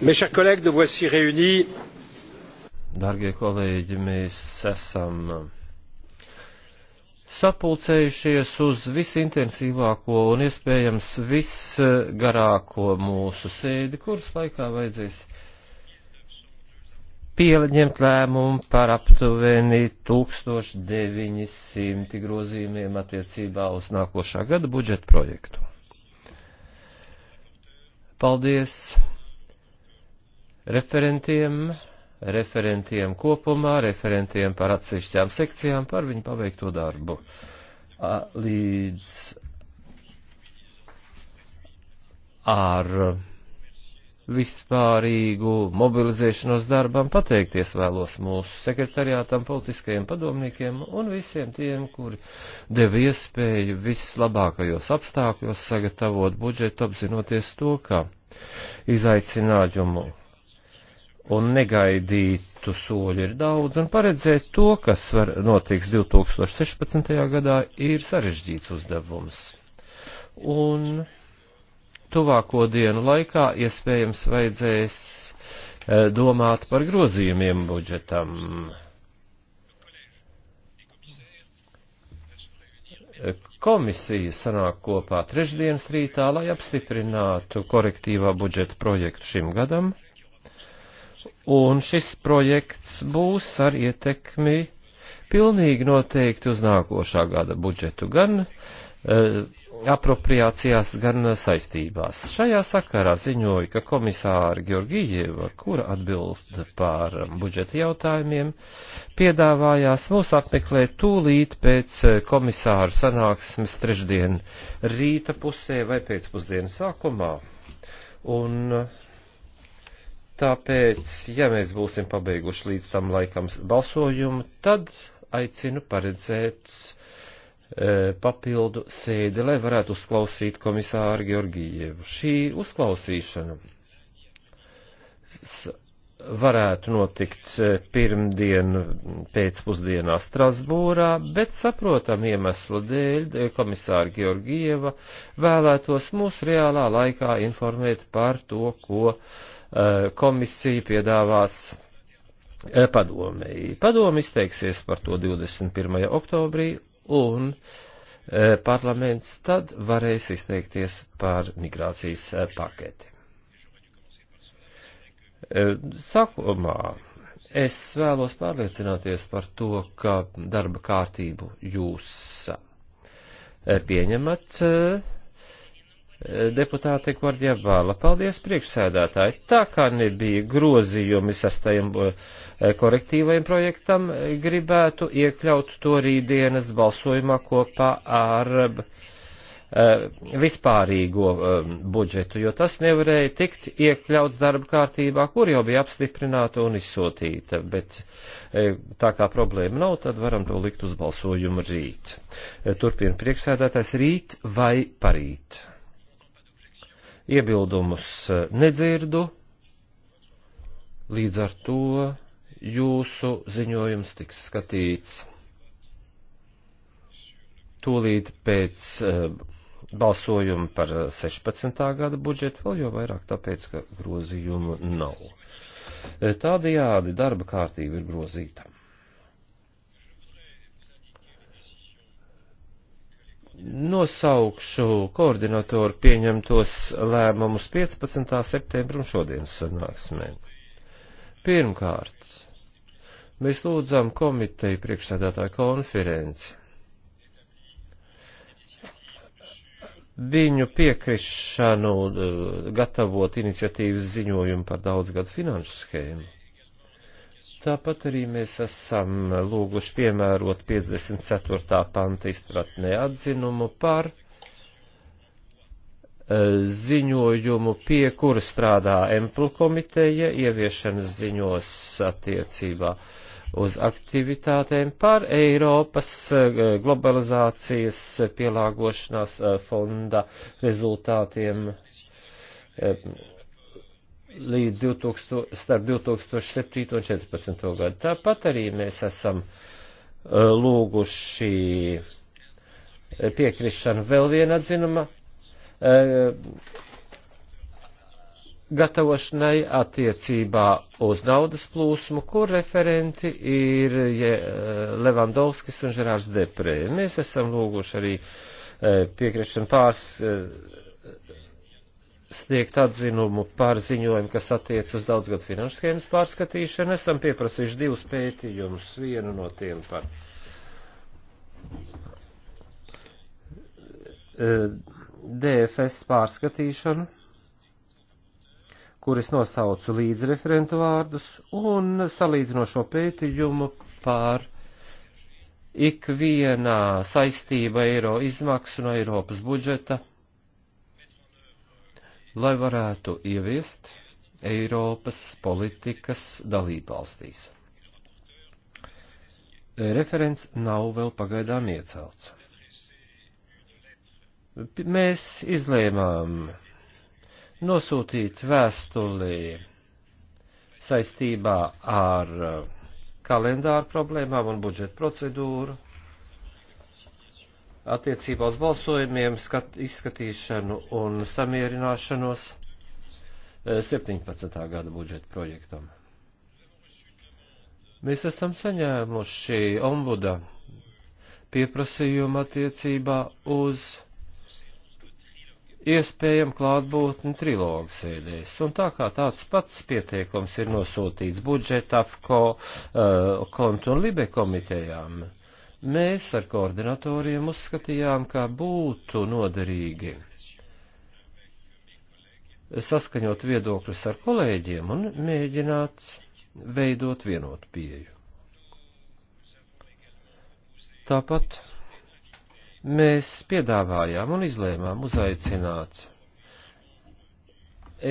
Mes chers collègues, nous voici réunis. Dargie kolēģi, mēs esam sapulcējušies uz visintensīvāko un iespējams visgarāko mūsu sēdi, kuras laikā vajadzēs pieņemt lēmumu par aptuveni 1900 grozījumiem attiecībā uz nākošā gada budžeta projektu. Paldies referentiem, referentiem kopumā, referentiem par atsevišķām sekcijām, par viņu paveikto darbu. Līdz ar vispārīgu mobilizēšanos darbam, pateikties vēlos mūsu sekretariātam, politiskajiem padomniekiem un visiem tiem, kuri deva iespēju vislabākajos apstākļos sagatavot budžetu, apzinoties to, ka izaicinājumu un negaidītu soļu ir daudz, un paredzēt to, kas var notiks 2016. gadā, ir sarežģīts uzdevums. Un tuvāko dienu laikā iespējams vajadzēs e, domāt par grozījumiem budžetam. Komisija sanāk kopā trešdienas rītā, lai apstiprinātu korektīvā budžeta projektu šim gadam, un šis projekts būs ar ietekmi pilnīgi noteikti uz nākošā gada budžetu gan uh, apropriācijās, gan eh, saistībās. Šajā sakarā ziņoja, ka komisāra Georgijieva, kura atbilst par eh, budžeta jautājumiem, piedāvājās mūs apmeklēt tūlīt pēc eh, komisāru sanāksmes trešdien rīta pusē vai pēcpusdienas sākumā. Un tāpēc, ja mēs būsim pabeiguši līdz tam laikam balsojumu, tad aicinu paredzēt E, papildu sēdi, lai varētu uzklausīt komisāru Georgijievu. Šī uzklausīšana varētu notikt e, pirmdien pēcpusdienā Strasbūrā, bet saprotam iemeslu dēļ komisāra Georgieva vēlētos mūs reālā laikā informēt par to, ko e, komisija piedāvās padomēji. Padomi izteiksies par to 21. oktobrī un e, parlaments tad varēs izteikties par migrācijas e, paketi. E, sākumā es vēlos pārliecināties par to, ka darba kārtību jūs e, pieņemat. E, deputāte Gordija Bāla. Paldies priekšsēdētāji. Tā kā nebija grozījumi sastajam eh, korektīvajam projektam, gribētu iekļaut to rītdienas balsojumā kopā ar eh, vispārīgo eh, budžetu, jo tas nevarēja tikt iekļauts darba kārtībā, kur jau bija apstiprināta un izsūtīta, bet tā kā problēma nav, tad varam to likt uz balsojumu rīt. Turpina priekšsēdētājs rīt vai parīt. Iebildumus eh, nedzirdu, līdz ar to jūsu ziņojums tiks skatīts tūlīt pēc eh, balsojuma par 16. Eh, gada budžetu, vēl jau vairāk tāpēc, ka grozījumu nav. Tādējādi darba kārtība ir grozīta. nosaukšu koordinatoru pieņemtos lēmumus 15. septembra un šodienas sanāksmē. Pirmkārt, mēs lūdzām komiteju priekšsēdētāju konferenci. Viņu piekrišanu eh, gatavot iniciatīvas ziņojumu par daudzgadu finanšu schēmu. Tāpat arī mēs esam lūguši piemērot 54. panta izpratnē atzinumu par e, ziņojumu, pie kura strādā Emplu komiteja, ieviešanas ziņos attiecībā uz aktivitātēm par Eiropas e, globalizācijas pielāgošanās e, fonda rezultātiem līdz 2000, starp 2007 un 2014 gadu. Tāpat arī mēs esam e, lūguši e, piekrišanu vēl viena atzinuma e, gatavošanai attiecībā uz naudas plūsmu, kur referenti ir Levandovskis un Žerārs Deprē. Mēs esam lūguši arī piekrišanu pārs sniegt atzinumu par ziņojumu, kas attiec uz daudzgad finanšu schēmas pārskatīšanu. Esam pieprasījuši divus pētījumus, vienu no tiem par e, DFS pārskatīšanu, kuris nosaucu līdzreferentu vārdus, un salīdzinošo pētījumu par ikvienā saistība eiro izmaksu no Eiropas budžeta lai varētu ieviest Eiropas politikas dalībvalstīs. Referents nav vēl pagaidām iecelts. Mēs izlēmām nosūtīt vēstuli saistībā ar kalendāru problēmām un budžeta procedūru attiecībā uz balsojumiem, skat, izskatīšanu un samierināšanos 17. Eh, gada budžeta projektam. Mēs esam saņēmuši ombuda pieprasījumu attiecībā uz iespējam klātbūtni trilogu sēdēs. Un tā kā tāds pats pieteikums ir nosūtīts budžeta, afko, uh, kontu un libe komitejām, uh, Mēs ar koordinatoriem uzskatījām, kā būtu noderīgi saskaņot viedokļus ar kolēģiem un mēģināt veidot vienotu pieju. Tāpat mēs piedāvājām un izlēmām uzaicināt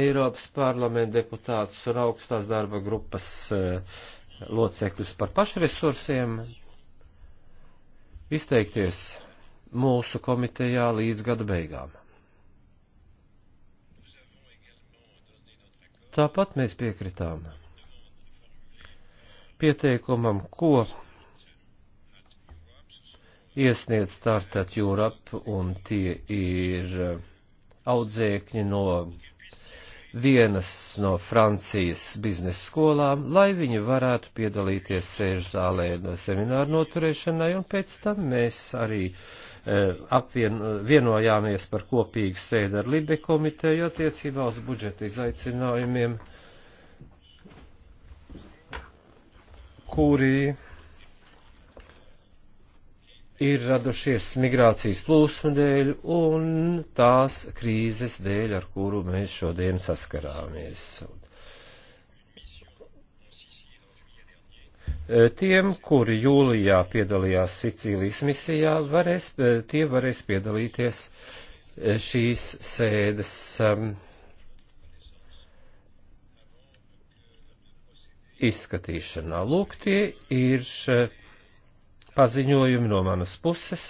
Eiropas parlamenta deputātus un augstās darba grupas eh, locekļus par pašresursiem izteikties mūsu komitejā līdz gada beigām. Tāpat mēs piekritām pieteikumam, ko iesniedz Startup Europe, un tie ir audzēkņi no vienas no Francijas biznesa skolām, lai viņi varētu piedalīties sēžu zālē no semināru noturēšanai, un pēc tam mēs arī apvienojāmies eh, apvien, par kopīgu sēdu ar Libe komiteju attiecībā uz budžeta izaicinājumiem, kuri ir radušies migrācijas plūsmu dēļ un tās krīzes dēļ, ar kuru mēs šodien saskarāmies. Tiem, kuri jūlijā piedalījās Sicīlijas misijā, varēs, tie varēs piedalīties šīs sēdes um, izskatīšanā. Lūk, tie ir uh, paziņojumi no manas puses,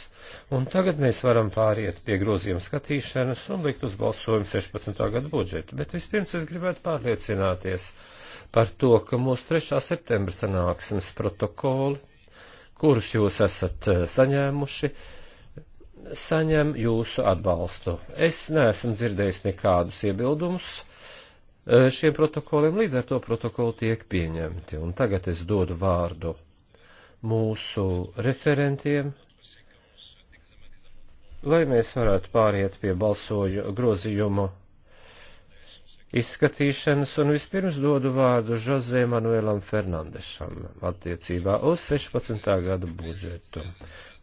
un tagad mēs varam pāriet pie grozījuma skatīšanas un likt uz balsojumu 16. gada budžetu. Bet vispirms es gribētu pārliecināties par to, ka mūsu 3. septembra sanāksmes protokoli, kurus jūs esat eh, saņēmuši, saņem jūsu atbalstu. Es neesmu dzirdējis nekādus iebildumus eh, šiem protokoliem, līdz ar to protokoli tiek pieņemti. Un tagad es dodu vārdu mūsu referentiem, lai mēs varētu pāriet pie balsoju grozījumu izskatīšanas, un vispirms dodu vārdu Žozē Manuēlam Fernandešam attiecībā uz 16. gada budžetu.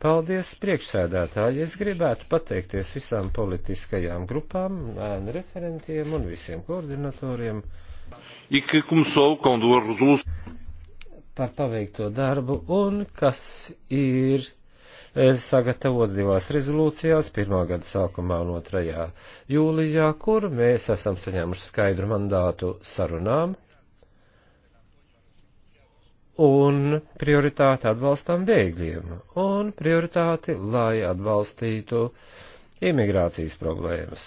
Paldies, priekšsēdētāji! Es gribētu pateikties visām politiskajām grupām, ēnu referentiem un visiem koordinatoriem. E par paveikto darbu un kas ir eh, sagatavots divās rezolūcijās, pirmā gada sākumā un otrajā jūlijā, kur mēs esam saņēmuši skaidru mandātu sarunām un prioritāti atbalstam bēgļiem un prioritāti, lai atbalstītu imigrācijas problēmas.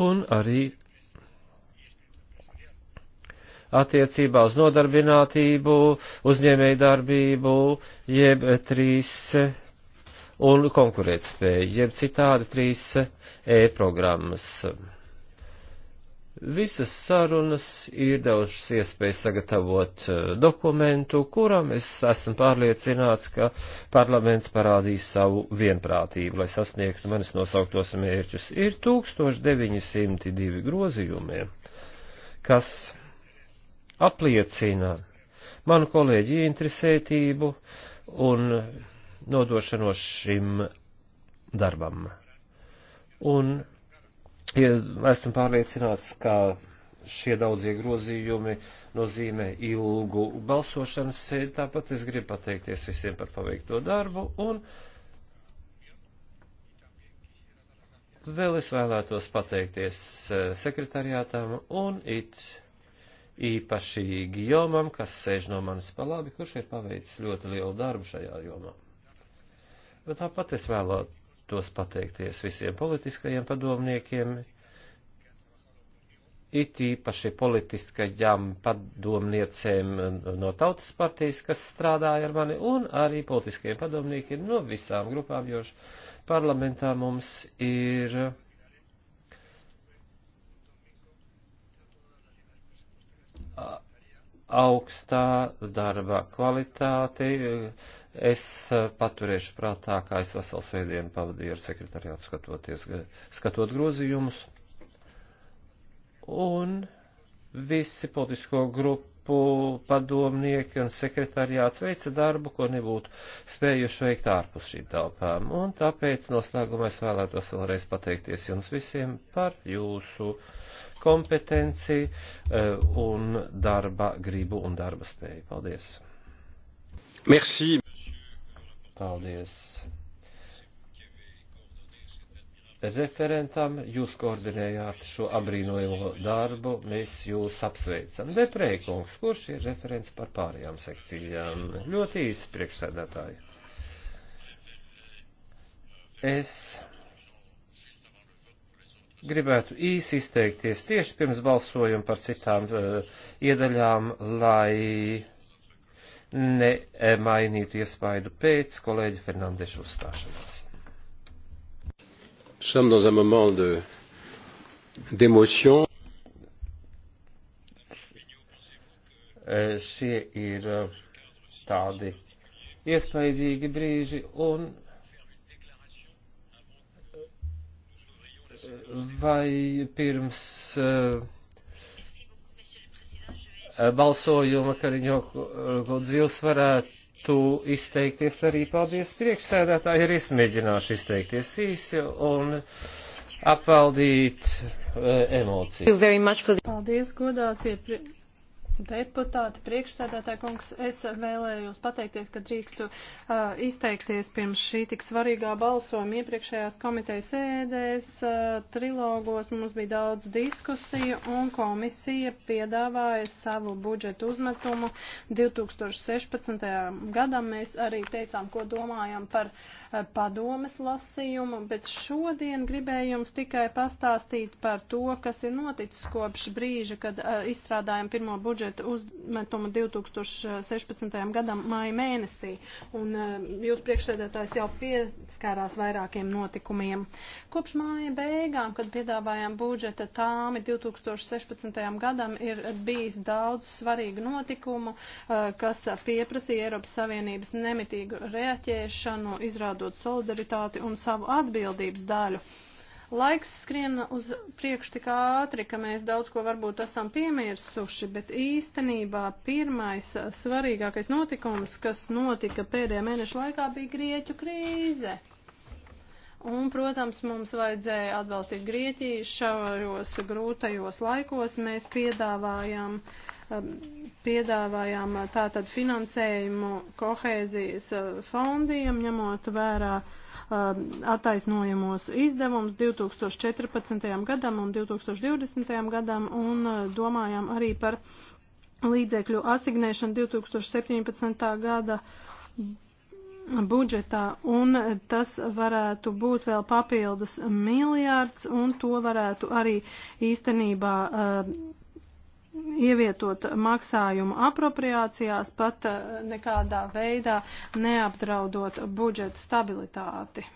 Un arī attiecībā uz nodarbinātību, uzņēmēju darbību, jeb trīs un konkurētspēju, jeb citādi trīs e-programmas. Visas sarunas ir devušas iespēju sagatavot e, dokumentu, kuram es esmu pārliecināts, ka parlaments parādīs savu vienprātību, lai sasniegtu manis nosauktos mērķus. Ir 1902 grozījumi, kas apliecina manu kolēģi ieinteresētību un nodošanos šim darbam. Un ja esam pārliecināts, ka šie daudzie grozījumi nozīmē ilgu balsošanas sēdi, tāpat es gribu pateikties visiem par paveikto darbu un vēl es vēlētos pateikties eh, sekretariātām un it īpaši Gijomam, kas sēž no manis pa labi, kurš ir paveicis ļoti lielu darbu šajā jomā. Bet tāpat es vēlētos pateikties visiem politiskajiem padomniekiem, it īpaši politiskajām padomniecēm no tautas partijas, kas strādāja ar mani, un arī politiskajiem padomniekiem no visām grupām, jo parlamentā mums ir augstā darba kvalitāti. Es eh, paturēšu prātā, kā es veselu sēdienu pavadīju ar sekretariātu skatoties, eh, skatot grozījumus. Un visi politisko grupu padomnieki un sekretariāts veica darbu, ko nebūtu spējuši veikt ārpus šīm telpām. Un tāpēc noslēgumā es vēlētos vēlreiz pateikties jums visiem par jūsu kompetenci eh, un darba gribu un darba spēju. Paldies! Merci! Paldies! referentam, jūs koordinējāt šo abrīnojamo darbu, mēs jūs apsveicam. Deprēkungs, kurš ir referents par pārējām sekcijām? Ļoti īsi priekšsēdētāji. Es gribētu īsi izteikties tieši pirms balsojuma par citām uh, iedaļām, lai nemainītu iespaidu pēc kolēģa Fernandeša uzstāšanās. Eh, šie ir eh, tādi iespaidīgi brīži un vai pirms eh, eh, balsojuma Kariņo Godzils eh, varētu izteikties arī paldies priekšsēdētāji, ir izmēģināšu izteikties īsi un apvaldīt emocijas. Paldies, godātie. Prie... Deputāti, priekšsēdētāji kungs, es vēlējos pateikties, ka drīkstu uh, izteikties pirms šī tik svarīgā balsojuma iepriekšējās komitejas sēdēs, uh, trilogos mums bija daudz diskusiju un komisija piedāvāja savu budžetu uzmetumu 2016. gadam. Mēs arī teicām, ko domājam par uh, padomes lasījumu, bet šodien gribēju jums tikai pastāstīt par to, kas ir noticis kopš brīža, kad uh, izstrādājam pirmo budžetu budžeta uzmetuma 2016. gadam māja mēnesī, un eh, jūs priekšsēdētājs jau pieskārās vairākiem notikumiem. Kopš māja beigām, kad piedāvājām budžeta tāmi 2016. gadam, ir bijis daudz svarīgu notikumu, eh, kas pieprasīja Eiropas Savienības nemitīgu reaķēšanu, izrādot solidaritāti un savu atbildības daļu. Laiks skrien uz priekšu tik ātri, ka mēs daudz ko varbūt esam piemirsuši, bet īstenībā pirmais svarīgākais notikums, kas notika pēdējā mēneša laikā, bija Grieķu krīze. Un, protams, mums vajadzēja atbalstīt Grieķiju šajos grūtajos laikos. Mēs piedāvājām, um, piedāvājām uh, tātad finansējumu kohēzijas uh, fondiem, ņemot vērā uh, Um, attaisnojamos izdevumus 2014. gadam un 2020. gadam un uh, domājam arī par līdzekļu asignēšanu 2017. gada budžetā, un tas varētu būt vēl papildus miljārds, un to varētu arī īstenībā uh, ievietot maksājumu apropriācijās, pat eh, nekādā veidā neapdraudot budžeta stabilitāti.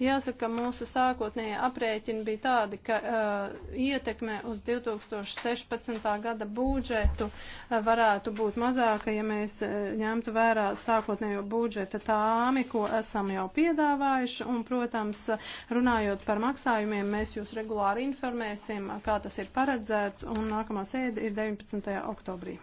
Jāsaka, mūsu sākotnējie aprēķini bija tādi, ka uh, ietekme uz 2016. gada budžetu uh, varētu būt mazāka, ja mēs uh, ņemtu vērā sākotnējo budžeta tāmi, ko esam jau piedāvājuši. Un, protams, runājot par maksājumiem, mēs jūs regulāri informēsim, uh, kā tas ir paredzēts, un nākamā sēde ir 19. oktobrī.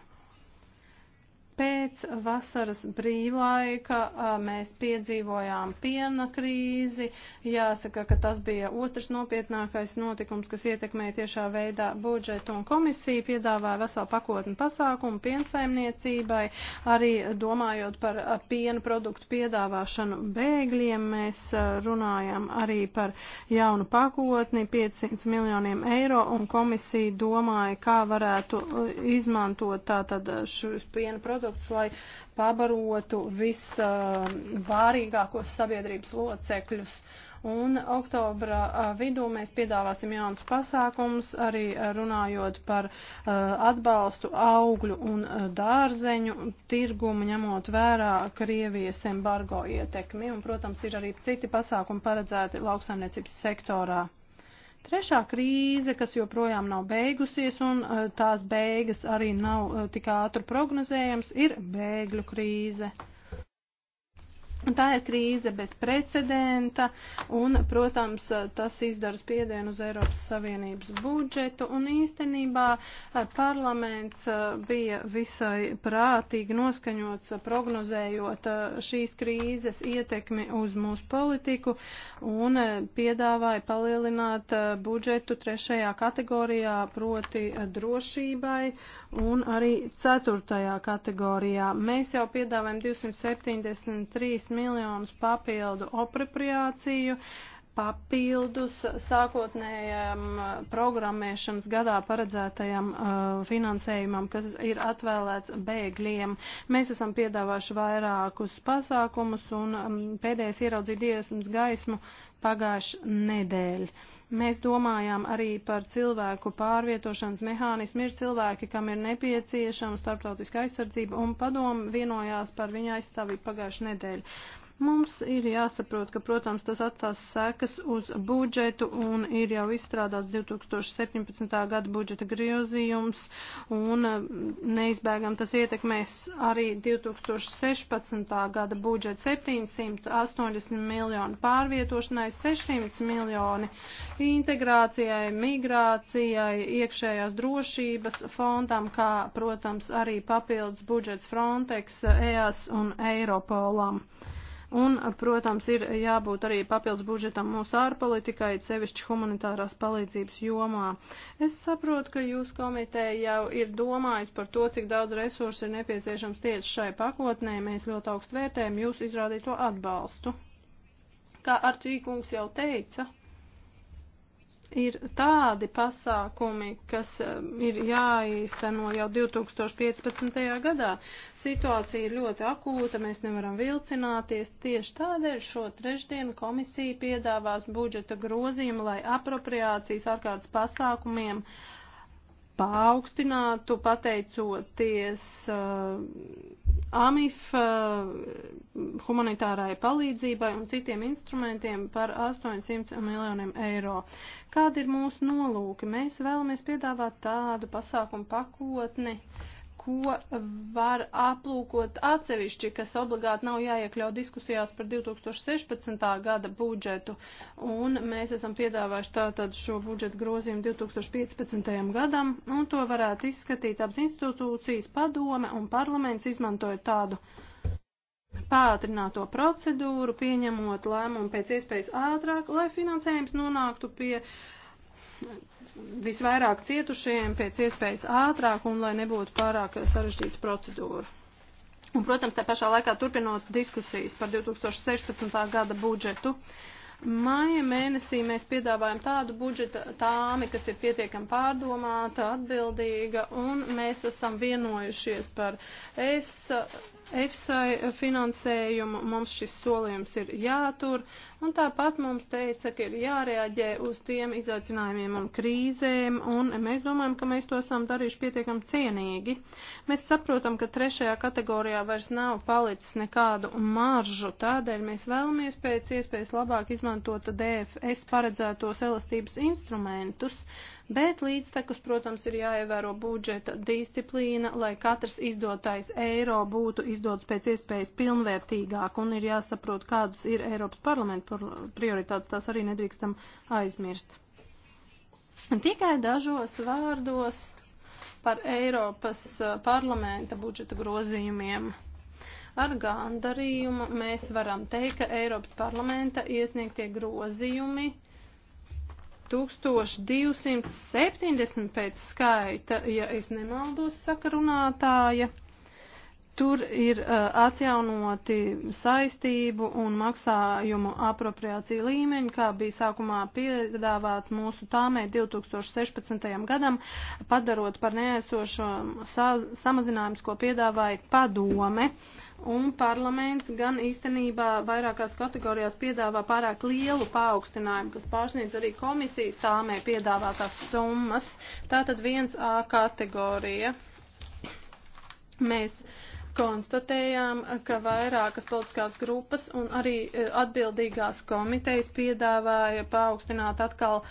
Pēc vasaras brīvlaika mēs piedzīvojām piena krīzi. Jāsaka, ka tas bija otrs nopietnākais notikums, kas ietekmēja tiešā veidā budžetu un komisiju. Piedāvāja veselu pakotni pasākumu piensaimniecībai, arī domājot par piena produktu piedāvāšanu bēgļiem. Mēs runājam arī par jaunu pakotni 500 miljoniem eiro un komisija domāja, kā varētu izmantot tātad šos piena produktus produktus, lai pabarotu visvārīgākos sabiedrības locekļus. Un oktobra vidū mēs piedāvāsim jaunus pasākumus, arī runājot par atbalstu augļu un dārzeņu tirgumu, ņemot vērā Krievijas embargo ietekmi. Un, protams, ir arī citi pasākumi paredzēti lauksaimniecības sektorā. Trešā krīze, kas joprojām nav beigusies un eh, tās beigas arī nav eh, tik ātri prognozējams, ir bēgļu krīze. Tā ir krīze bez precedenta, un, protams, tas izdara spiedienu uz Eiropas Savienības budžetu, un īstenībā eh, parlaments eh, bija visai prātīgi noskaņots, prognozējot eh, šīs krīzes ietekmi uz mūsu politiku, un piedāvāja palielināt budžetu trešajā kategorijā, proti drošībai, un arī ceturtajā kategorijā. Mēs jau piedāvājam 273 miljonus papildu apropriāciju. Uh, papildus sākotnējam uh, programmēšanas gadā paredzētajam uh, finansējumam, kas ir atvēlēts bēgļiem. Mēs esam piedāvājuši vairākus pasākumus un um, pēdējais ieraudzīja dievsmas gaismu pagājuši nedēļ. Mēs domājām arī par cilvēku pārvietošanas mehānismu. Ir cilvēki, kam ir nepieciešama starptautiska aizsardzība, un padomu vienojās par viņa aizstāvību pagājuši nedēļ. Mums ir jāsaprot, ka, protams, tas atstās sekas uz budžetu un ir jau izstrādāts 2017. gada budžeta griezījums un neizbēgam tas ietekmēs arī 2016. gada budžetu 780 miljonu pārvietošanai, 600 miljoni integrācijai, migrācijai, iekšējās drošības fondam, kā, protams, arī papildus budžets Frontex, EAS un Eiropolam. Un, protams, ir jābūt arī papildus budžetam mūsu ārpolitikai, sevišķi humanitārās palīdzības jomā. Es saprotu, ka jūs komiteja jau ir domājis par to, cik daudz resursu ir nepieciešams tieši šai pakotnē. Mēs ļoti augstu vērtējam jūs izrādīto atbalstu. Kā Artvīkungs jau teica, ir tādi pasākumi, kas um, ir jāīsteno jau 2015. gadā. Situācija ir ļoti akūta, mēs nevaram vilcināties. Tieši tādēļ šo trešdienu komisija piedāvās budžeta grozījumu, lai apropriācijas ārkārtas pasākumiem uh, paaugstinātu pateicoties uh, AMIF uh, humanitārai palīdzībai un citiem instrumentiem par 800 miljoniem eiro. Kāda ir mūsu nolūka? Mēs vēlamies piedāvāt tādu pasākumu pakotni, uh, ko var aplūkot atsevišķi, kas obligāti nav jāiekļaut diskusijās par 2016. gada budžetu. Un mēs esam piedāvājuši tātad šo budžetu grozījumu 2015. gadam, un to varētu izskatīt abas institūcijas padome un parlaments izmantojot tādu pātrināto procedūru, pieņemot lēmumu pēc iespējas ātrāk, lai finansējums nonāktu pie uh, visvairāk cietušajiem pēc iespējas ātrāk un lai nebūtu pārāk sarežģīta procedūra. Un, protams, tā pašā laikā turpinot diskusijas par 2016. gada budžetu, Māja mēnesī mēs piedāvājam tādu budžeta tāmi, kas ir pietiekami pārdomāta, atbildīga, un mēs esam vienojušies par EFSA EFSAI finansējumu, mums šis solījums ir jātur, un tāpat mums teica, ka ir jārēģē uz tiem izaicinājumiem un krīzēm, un mēs domājam, ka mēs to esam darījuši pietiekam cienīgi. Mēs saprotam, ka trešajā kategorijā vairs nav palicis nekādu maržu, tādēļ mēs vēlamies pēc iespējas labāk izmantot DFS paredzētos elastības instrumentus. Uh, bet līdztekus, protams, ir jāievēro budžeta disciplīna, lai katrs izdotais eiro būtu izdots pēc iespējas pilnvērtīgāk un ir jāsaprot, kādas ir Eiropas parlamenta prioritātes, tās arī nedrīkstam aizmirst. Tikai dažos vārdos par Eiropas eh, parlamenta budžeta grozījumiem. Ar gandarījumu mēs varam teikt, ka Eiropas parlamenta iesniegtie grozījumi 1270 pēc skaita, ja es nemaldos, saka runātāja. Tur ir uh, atjaunoti saistību un maksājumu apropriācija līmeņi, kā bija sākumā piedāvāts mūsu tāmē 2016. gadam, padarot par neaizsošo sa samazinājumus, ko piedāvāja padome. Uh, un parlaments gan īstenībā vairākās kategorijās piedāvā pārāk lielu paaugstinājumu, kas pārsniedz arī komisijas tāmē piedāvātās summas. Tātad 1A kategorija. Mēs konstatējām, ka vairākas politiskās grupas un arī eh, atbildīgās komitejas piedāvāja paaugstināt atkal uh,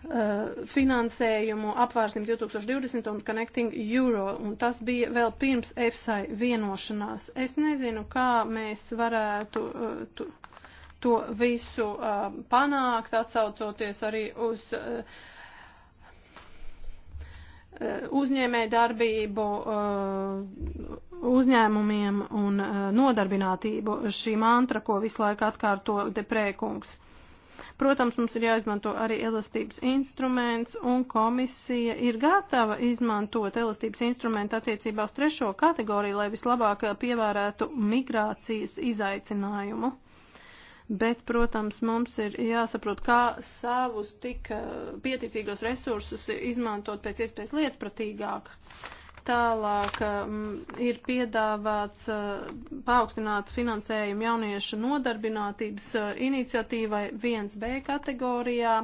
Uh, finansējumu apvārsim 2020 un Connecting Euro, un tas bija vēl pirms EFSAI vienošanās. Es nezinu, kā mēs varētu uh, tu, to visu uh, panākt, atsaucoties arī uz uh, uh uzņēmē darbību, uh, uzņēmumiem un nodarbinātību. Šī mantra, ko visu laiku atkārto deprēkungs. kungs. Protams, mums ir jāizmanto arī elastības instruments, un komisija ir gatava izmantot elastības instrumentu attiecībā uz trešo kategoriju, lai vislabāk pievērētu migrācijas izaicinājumu. Bet, protams, mums ir jāsaprot, kā savus tik eh, pieticīgos resursus izmantot pēc iespējas lietpratīgāk. Uh, Tālāk um, ir piedāvāts uh, paaugstināt finansējumu jauniešu nodarbinātības uh, iniciatīvai 1B kategorijā.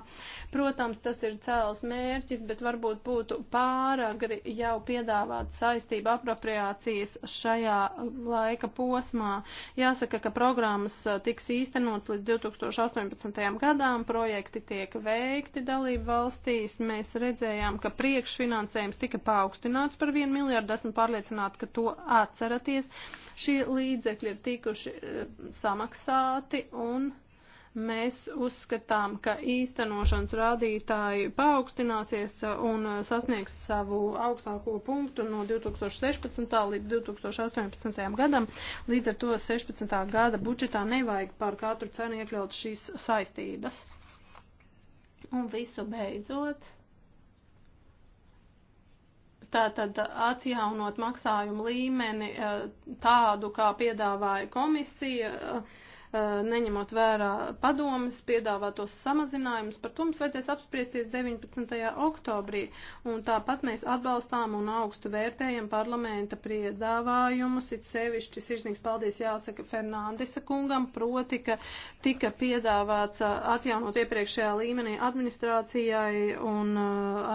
Protams, tas ir cēls mērķis, bet varbūt būtu pāragri jau piedāvāt saistību apropriācijas šajā laika posmā. Jāsaka, ka programmas uh, tiks īstenots līdz 2018. gadām, projekti tiek veikti dalību valstīs. Mēs redzējām, ka priekšfinansējums tika paaugstināts par 1 miljardi, esmu pārliecināta, ka to atceraties. Šie līdzekļi ir tikuši eh, samaksāti un mēs uzskatām, ka īstenošanas rādītāji paaugstināsies un eh, sasniegs savu augstāko punktu no 2016. līdz 2018. gadam. Līdz ar to 16. gada budžetā nevajag par katru cenu iekļaut šīs saistības. Un visu beidzot. Tātad atjaunot maksājumu līmeni eh, tādu, kā piedāvāja komisija, eh, neņemot vērā padomas, piedāvātos samazinājumus. Par to mums vajadzēs apspriesties 19. oktobrī. Un tāpat mēs atbalstām un augstu vērtējam parlamenta piedāvājumus. It sevišķi sirsnīgs paldies jāsaka Fernandesa kungam, proti, ka tika piedāvāts eh, atjaunot iepriekšējā līmenī administrācijai un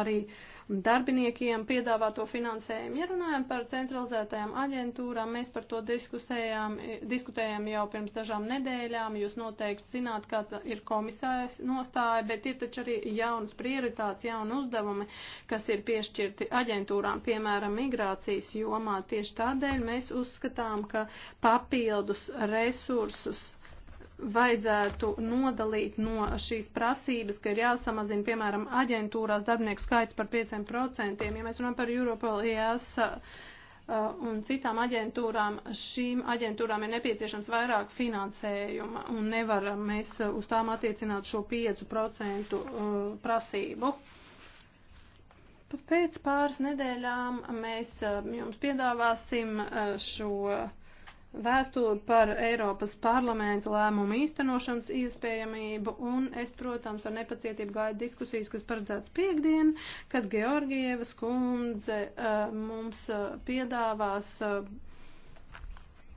arī uh, darbiniekiem piedāvāto finansējumu. Ja runājam par centralizētajām aģentūrām, mēs par to e, diskutējām jau pirms dažām nedēļām. Jūs noteikti zināt, kā ir komisājas nostāja, bet ir taču arī jaunas prioritātes, jauna uzdevumi, kas ir piešķirti aģentūrām, piemēram, migrācijas jomā. Tieši tādēļ mēs uzskatām, ka papildus resursus vajadzētu nodalīt no šīs prasības, ka ir jāsamazina, piemēram, aģentūrās darbinieku skaits par 5%. Ja mēs runājam par Europol, jāsa e uh, un citām aģentūrām, šīm aģentūrām ir nepieciešams vairāk finansējuma un nevar mēs uz tām attiecināt šo 5% uh, prasību. Pēc pāris nedēļām mēs uh, jums piedāvāsim šo vēstuli par Eiropas parlamenta lēmumu īstenošanas iespējamību, un es, protams, ar nepacietību gaidu diskusijas, kas paredzēts piekdien, kad Georgievas kundze uh, mums uh, piedāvās uh,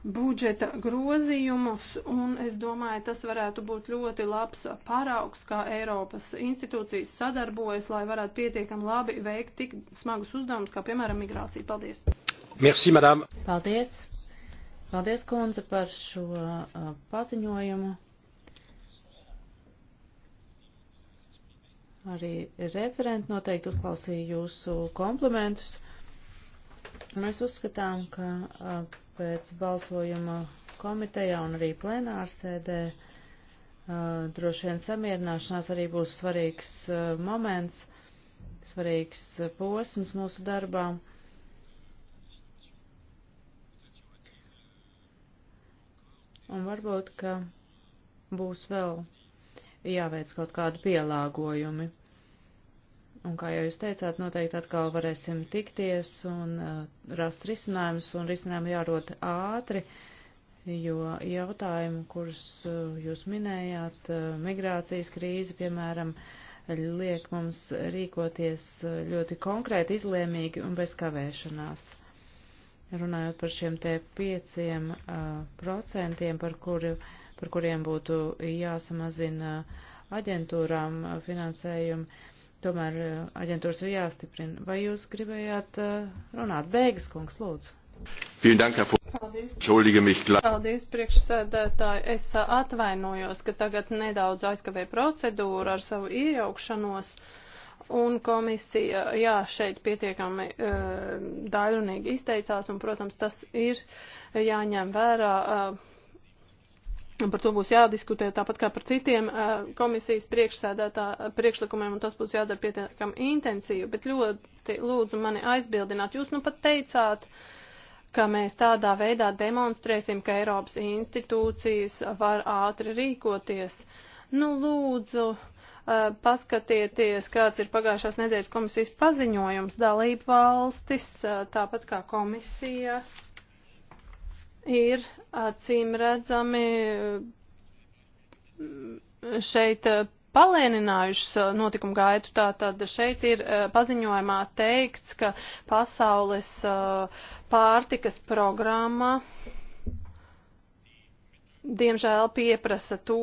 budžeta grozījumus, un es domāju, tas varētu būt ļoti labs paraugs, kā Eiropas institūcijas sadarbojas, lai varētu pietiekam labi veikt tik smagus uzdevumus, kā piemēram migrācija. Paldies! Merci, madame! Paldies! Paldies, kundze, par šo paziņojumu. Arī referenti noteikti uzklausīja jūsu komplementus. Mēs uzskatām, ka pēc balsojuma komitejā un arī plenārsēdē droši vien samierināšanās arī būs svarīgs moments, svarīgs posms mūsu darbām. Un varbūt, ka būs vēl jāveic kaut kādi pielāgojumi. Un, kā jau jūs teicāt, noteikti atkal varēsim tikties un uh, rast risinājumus, un risinājumi jārod ātri, jo jautājumi, kurus uh, jūs minējāt, uh, migrācijas krīze, piemēram, liek mums rīkoties uh, ļoti konkrēti, izlēmīgi un bez kavēšanās runājot par šiem te pieciem procentiem, par, kuri, par kuriem būtu jāsamazina aģentūrām finansējumu, tomēr aģentūras ir jāstiprina. Vai jūs gribējāt runāt? Beigas, kungs, lūdzu. Paldies. Paldies, priekšsēdētāji. Es atvainojos, ka tagad nedaudz aizkavēju procedūru ar savu iejaukšanos. Uh, Un komisija, jā, šeit pietiekami uh, daļrunīgi izteicās, un, protams, tas ir jāņem vērā. Uh, Par to būs jādiskutē tāpat kā par citiem eh, komisijas priekšlikumiem, un tas būs jādara pietiekami intensīvi, bet ļoti lūdzu mani aizbildināt. Jūs nu pat teicāt, ka mēs tādā veidā demonstrēsim, ka Eiropas institūcijas var ātri rīkoties. Nu, lūdzu, uh, paskatieties, kāds ir pagājušās nedēļas komisijas paziņojums. Dalība valstis, tāpat kā komisija, ir acīm redzami šeit palēninājušas notikumu gaitu. Tātad šeit ir paziņojumā teikts, ka pasaules pārtikas programma diemžēl pieprasa to,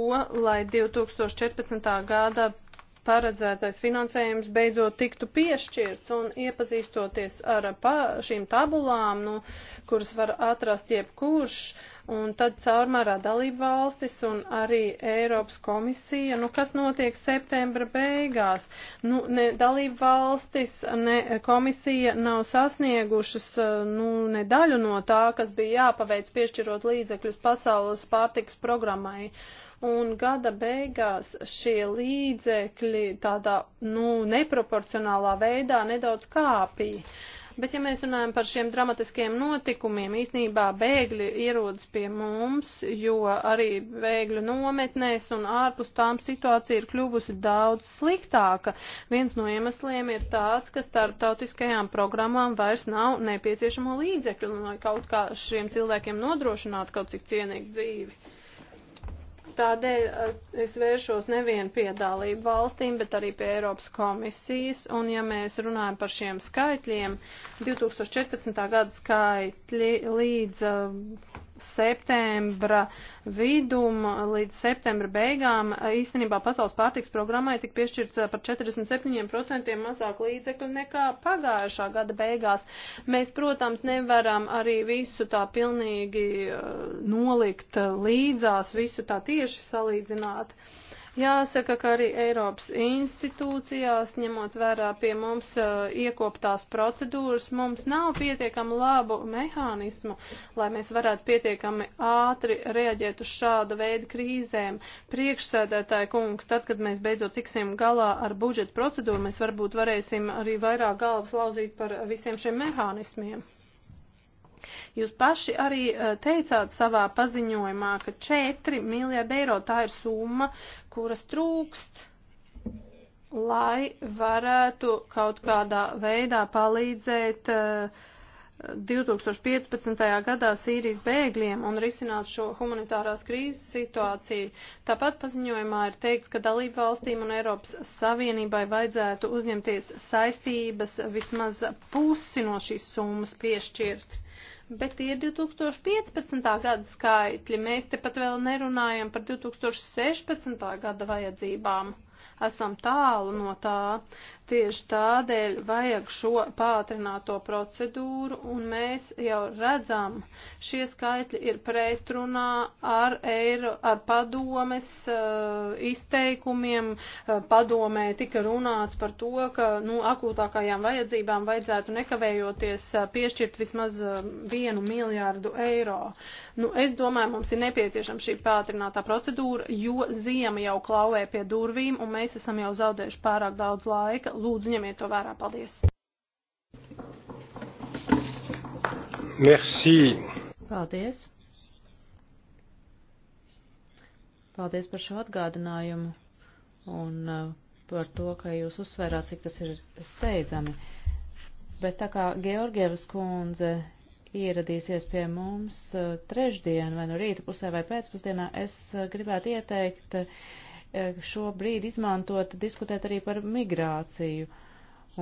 lai 2014. gada paredzētais finansējums beidzot tiktu piešķirts un iepazīstoties ar šīm tabulām, nu, kuras var atrast jebkurš, un tad caurmērā dalība valstis un arī Eiropas komisija. Nu, kas notiek septembra beigās? Nu, ne dalība valstis, ne komisija nav sasniegušas, nu, ne daļu no tā, kas bija jāpaveic piešķirot līdzekļus pasaules pārtiks programmai un gada beigās šie līdzekļi tādā nu, neproporcionālā veidā nedaudz kāpīja. Bet ja mēs runājam par šiem dramatiskiem notikumiem, īsnībā bēgļi ierodas pie mums, jo arī bēgļu nometnēs un ārpus tām situācija ir kļuvusi daudz sliktāka. Viens no iemesliem ir tāds, ka starptautiskajām programmām vairs nav nepieciešamo līdzekļu, lai kaut kā šiem cilvēkiem nodrošinātu kaut cik cienīgu dzīvi. Tādēļ eh, es vēršos nevien pie dalību valstīm, bet arī pie Eiropas komisijas. Un ja mēs runājam par šiem skaitļiem, 2014. gada skaitļi līdz eh, septembra viduma līdz septembra beigām īstenībā pasaules pārtiks programmai tika piešķirts eh, par 47% mazāk līdzekļu nekā pagājušā gada beigās. Mēs, protams, nevaram arī visu tā pilnīgi eh, nolikt eh, līdzās, visu tā tieši salīdzināt. Uh, Jāsaka, ka arī Eiropas institūcijās, ņemot vērā pie mums uh, iekoptās procedūras, mums nav pietiekami labu mehānismu, lai mēs varētu pietiekami ātri reaģēt uz šāda veida krīzēm. Priekšsēdētāji kungs, tad, kad mēs beidzot tiksim galā ar budžeta procedūru, mēs varbūt varēsim arī vairāk galvas lauzīt par visiem šiem mehānismiem. Jūs paši arī e, teicāt savā paziņojumā, ka 4 miljārdi eiro tā ir summa, kuras trūkst, lai varētu kaut kādā veidā palīdzēt uh, e, 2015. gadā Sīrijas bēgļiem un risināt šo humanitārās krīzes situāciju. Tāpat paziņojumā ir teikts, ka dalību valstīm un Eiropas Savienībai vajadzētu uzņemties saistības vismaz pusi no šīs summas piešķirt bet tie ir 2015. gada skaitļi. Mēs tepat vēl nerunājam par 2016. gada vajadzībām esam tālu no tā. Tieši tādēļ vajag šo pātrināto procedūru, un mēs jau redzam, šie skaitļi ir pretrunā ar, Eiro, ar padomes uh, izteikumiem. Uh, padomē tika runāts par to, ka nu, akūtākajām vajadzībām vajadzētu nekavējoties uh, piešķirt vismaz vienu miljārdu eiro. Nu, es domāju, mums ir nepieciešama šī pātrinātā procedūra, jo ziema jau klauvē pie durvīm, un mēs Mēs esam jau zaudējuši pārāk daudz laika. Lūdzu, ņemiet to vērā. Paldies! Merci. Paldies! Paldies par šo atgādinājumu un uh, par to, ka jūs uzsvērāt, cik tas ir steidzami. Bet tā kā Georgievas kundze ieradīsies pie mums uh, trešdien vai no nu rīta pusē vai pēcpusdienā, es uh, gribētu ieteikt E, šo brīdi izmantot, diskutēt arī par migrāciju.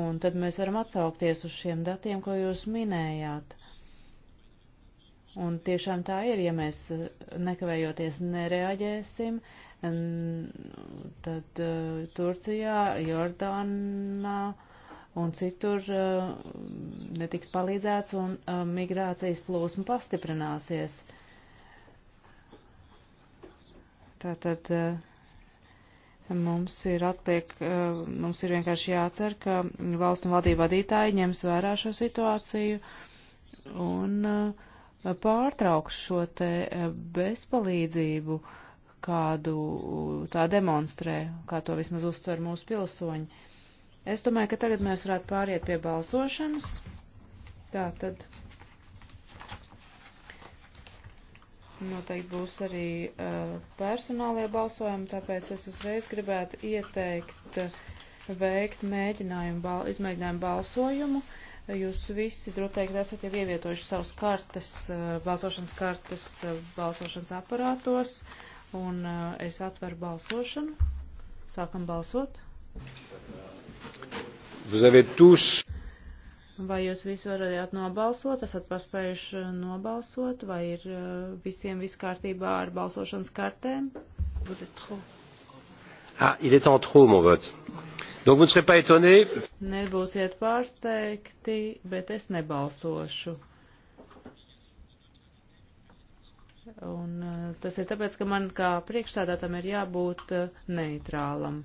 Un tad mēs varam atsaukties uz šiem datiem, ko jūs minējāt. Un tiešām tā ir, ja mēs nekavējoties nereaģēsim, tad uh, Turcijā, Jordānā un citur uh, netiks palīdzēts un uh, migrācijas plūsma pastiprināsies. Tātad uh, Mums ir atliek, eh, mums ir vienkārši jācer, ka valsts un valdību vadītāji ņems vērā šo situāciju un eh, pārtrauks šo te eh, bezpalīdzību, kādu tā demonstrē, kā to vismaz uztver mūsu pilsoņi. Es domāju, ka tagad mēs varētu pāriet pie balsošanas. Tā tad. noteikti būs arī eh, personālie balsojumi, tāpēc es uzreiz gribētu ieteikt eh, veikt mēģinājumu, bal, izmēģinājumu balsojumu. Jūs visi noteikti esat jau ievietojuši savas kartes, eh, balsošanas kartes balsošanas aparātos, un es atveru balsošanu. Sākam balsot. Vous avez tous Vai jūs visi varat nobalsot, esat paspējuši nobalsot, vai ir eh, visiem viss kārtībā ar balsošanas kartēm? Vous êtes trop. Ah, il est en trop, mon vote. Donc vous ne serez pas étonné. Nebūsiet pārsteigti, bet es nebalsošu. Un eh, tas ir tāpēc, ka man kā priekšsādātam ir jābūt eh, neitrālam.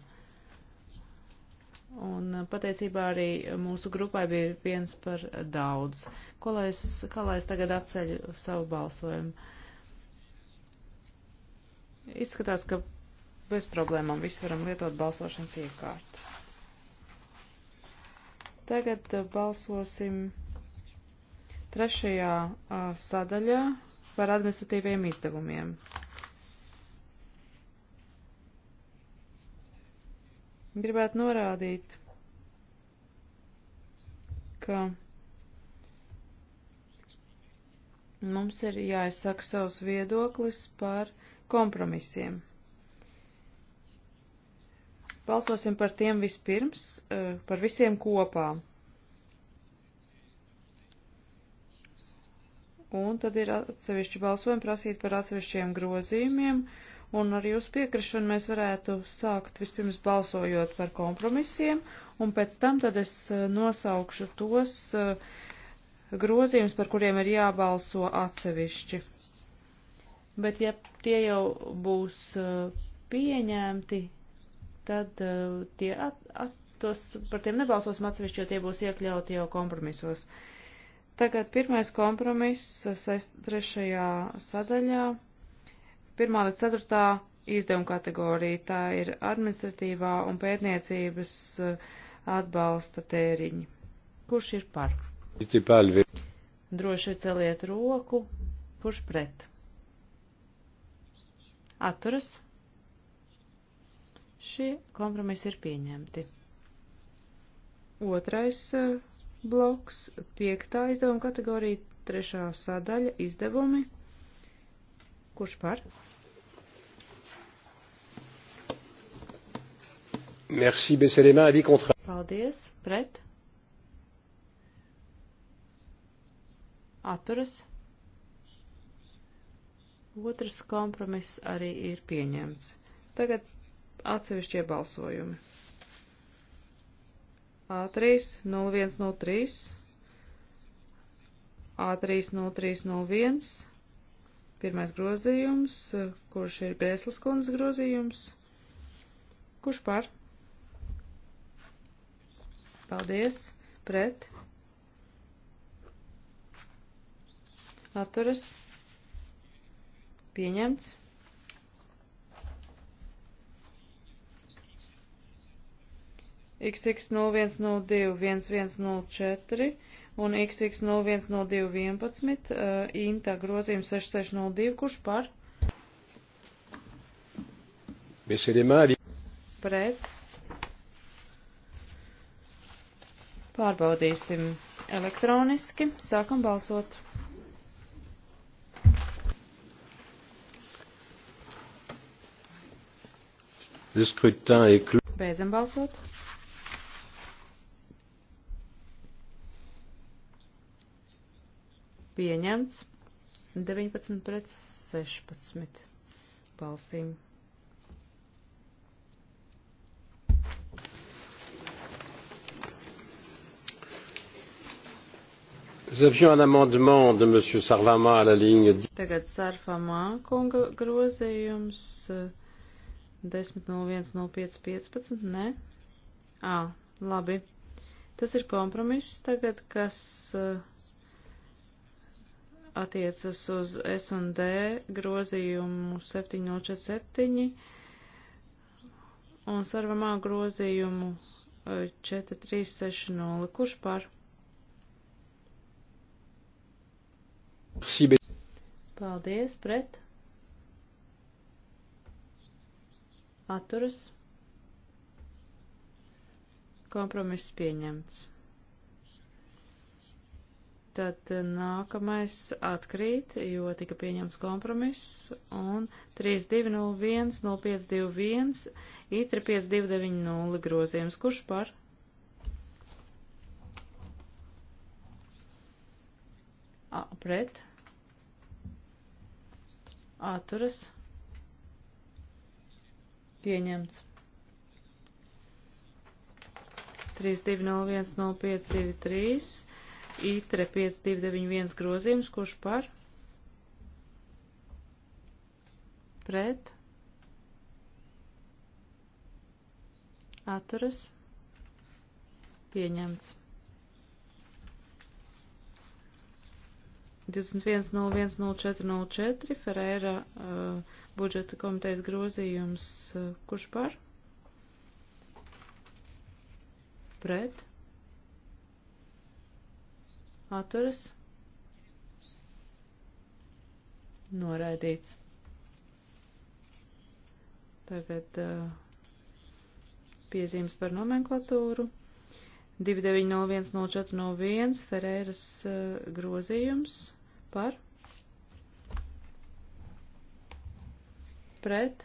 Un eh, patiesībā arī mūsu grupai bija viens par daudz. Ko lai es, kā lai es tagad atceļu savu balsojumu? Izskatās, ka bez problēmām visi varam lietot balsošanas iekārtas. Tagad eh, balsosim trešajā eh, sadaļā par administratīviem izdevumiem. Gribētu norādīt, ka mums ir jāizsaka savs viedoklis par kompromisiem. Balsosim par tiem vispirms, eh, par visiem kopā. Un tad ir atsevišķi balsojumi prasīt par atsevišķiem grozījumiem, uh, un ar jūsu piekrišanu mēs varētu sākt vispirms balsojot par kompromisiem, un pēc tam tad es eh, nosaukšu tos eh, grozījumus, par kuriem ir jābalso atsevišķi. Bet ja tie jau būs eh, pieņemti, tad tie at, at, tos, par tiem nebalsosim atsevišķi, jo tie būs iekļauti jau kompromisos. Tagad pirmais kompromiss sest, trešajā sadaļā Pirmā līdz ceturtā izdevuma kategorija tā ir administratīvā un pētniecības eh, atbalsta tēriņi. Kurš ir par? Droši celiet roku, kurš pret? Atturas. Šie kompromisi ir pieņemti. Otrais eh, bloks, piektā izdevuma kategorija, trešā sadaļa izdevumi Kurš par? Merci, baissez les mains, avis contraire. Paldies, pret. Atturas. Otrs kompromiss arī ir pieņemts. Tagad atsevišķie balsojumi. A3, 0103, A3, 0301. Pirmais grozījums, kurš ir Grēslas kundzes grozījums. Kurš par? Paldies. Pret. Atturas. Pieņemts. XX0102 1104 un XX010211, uh, Intā grozījums 6602, kurš par? Pret. Pārbaudīsim elektroniski. Sākam balsot. Beidzam balsot. pieņemts 19 pret 16 balsīm. Nous avions un amendement de M. Sarvama à la ligne 10. Tagad Sarvama kunga grozījums 10.01.05.15, eh, ne? Ā, labi. Tas ir kompromiss tagad, kas uh, attiecas uz S&D grozījumu 747 un sarvamā grozījumu 4360. E, Kurš par? Paldies, pret. Atturas. Kompromiss pieņemts. Tad eh, nākamais atkrīt, jo tika pieņemts kompromiss, un 3201, 0521, itri 5290 grozījums. Kurš par? A, pret? Atturas? Pieņemts. 3201, 0523. ITRE 5291 grozījums, kurš par? Pret? Atturas? Pieņemts. 21.01.04.04 Ferēra uh, budžeta komitejas grozījums, uh, kurš par? Pret? atturas noraidīts. Tagad uh, piezīmes par nomenklatūru. 2901-0401 Ferēras uh, grozījums par pret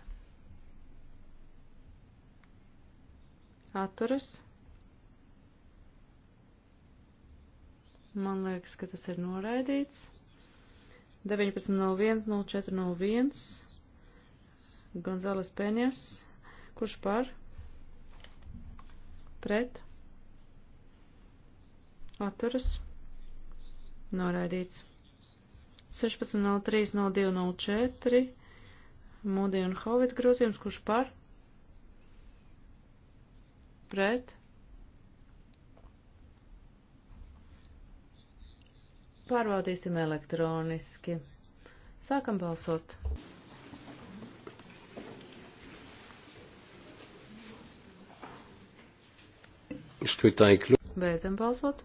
atturas noraidīts Man liekas, ka tas ir noraidīts. 19.01.04.01. Gonzales Peņas. Kurš par? Pret. Atturas. Noraidīts. 16.03.02.04. Mūdī un Hovita grozījums. Kurš par? Pret Pārbaudīsim elektroniski. Sākam balsot. Beidzam balsot.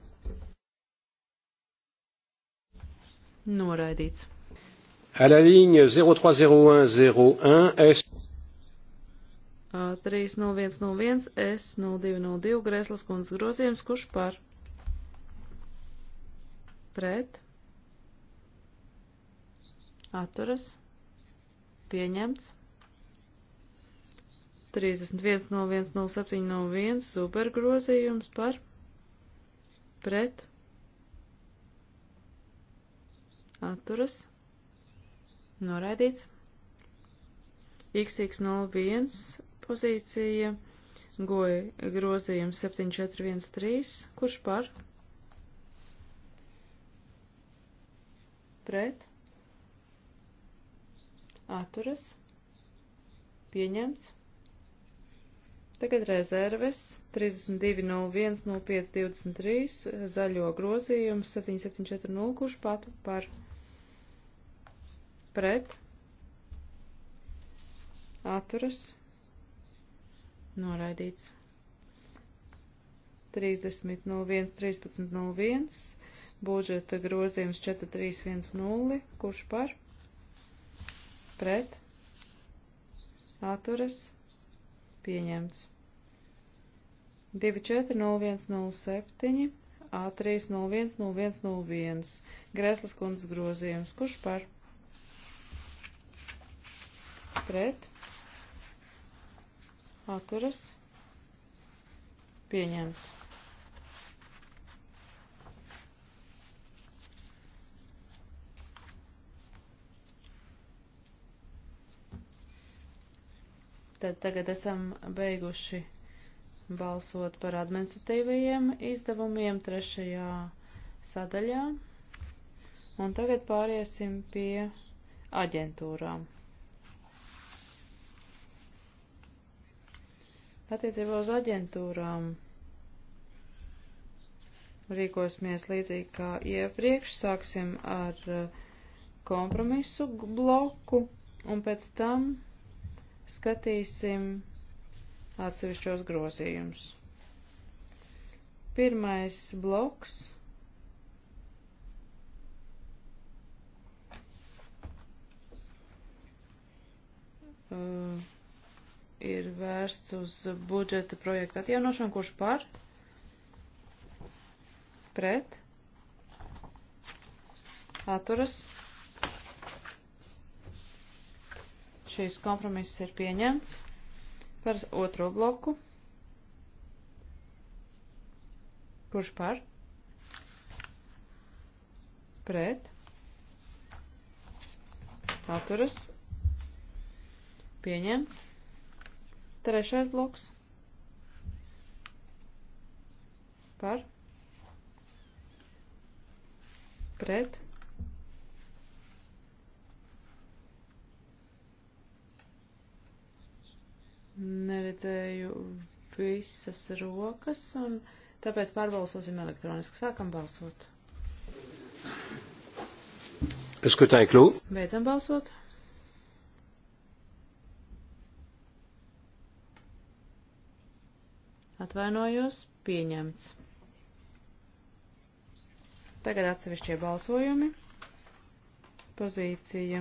Noraidīts. À la ligne 030101 S. 3011 S0202 Grēslas kundzes grozījums, kurš par? pret, atturas, pieņemts. 31 no 1 no 7 no 1 supergrozījums par pret atturas noraidīts xx01 pozīcija goja grozījums 7413 kurš par pret, atturas, pieņemts. Tagad rezerves 32.01.05.23 zaļo grozījumu 7740, kurš pat par pret, atturas, noraidīts. 30.01.13.01 budžeta grozījums 4310, kurš par, pret, atturas, pieņemts. 240107, A3010101, Grēslas kundzes grozījums, kurš par, pret, atturas, pieņemts. Tad tagad esam beiguši balsot par administratīvajiem izdevumiem trešajā sadaļā. Un tagad pāriesim pie aģentūrām. Attiecībā uz aģentūrām rīkosimies līdzīgi kā iepriekš, sāksim ar eh, kompromisu bloku un pēc tam Skatīsim atsevišķos grozījumus. Pirmais bloks. Uh, ir vērsts uz budžeta projektu atjaunošanu, kurš par, pret, atturas, šīs kompromiss ir pieņemts par otro bloku. Kurš par? Pret. Atturas. Pieņemts. Trešais bloks. Par. Pret. neredzēju visas rokas, un tāpēc pārbalsosim elektroniski. Sākam balsot. Eskutāju klū. Beidzam balsot. Atvainojos, pieņemts. Tagad atsevišķie balsojumi. Pozīcija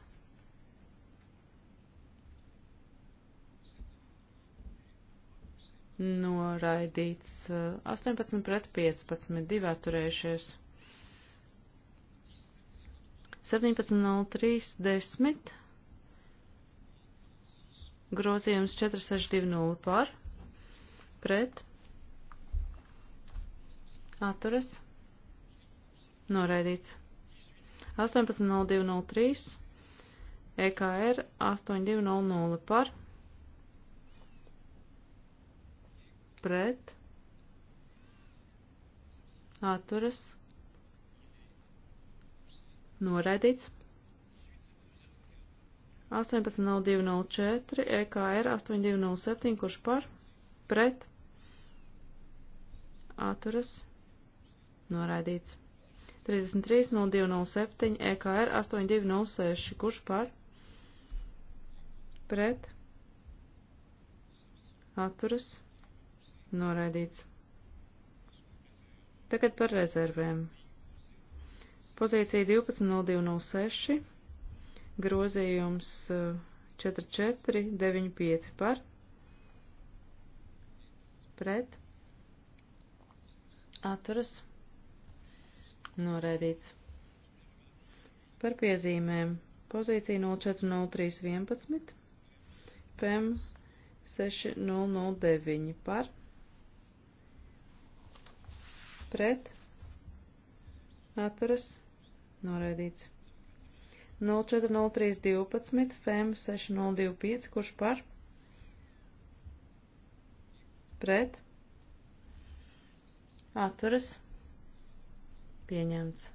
noraidīts 18 eh, pret 15, divi atturējušies. 17.03.10 grozījums 4620 par pret atturas noraidīts 18.02.03 EKR 8200 par pret pret, atturas, noraidīts. 18.02.04, EKR 8.207, kurš par, pret, atturas, noraidīts. 33.02.07, EKR 8.206, kurš par, pret, atturas, noraidīts Noraidīts. Tagad par rezervēm. Pozīcija 12.0206, grozījums 4495 eh, par, pret, atturas, noraidīts. Par piezīmēm. Pozīcija 040311, PM 6009 par, pret, atturas, noraidīts. 040312, FEM 6025, kurš par, pret, atturas, pieņemts.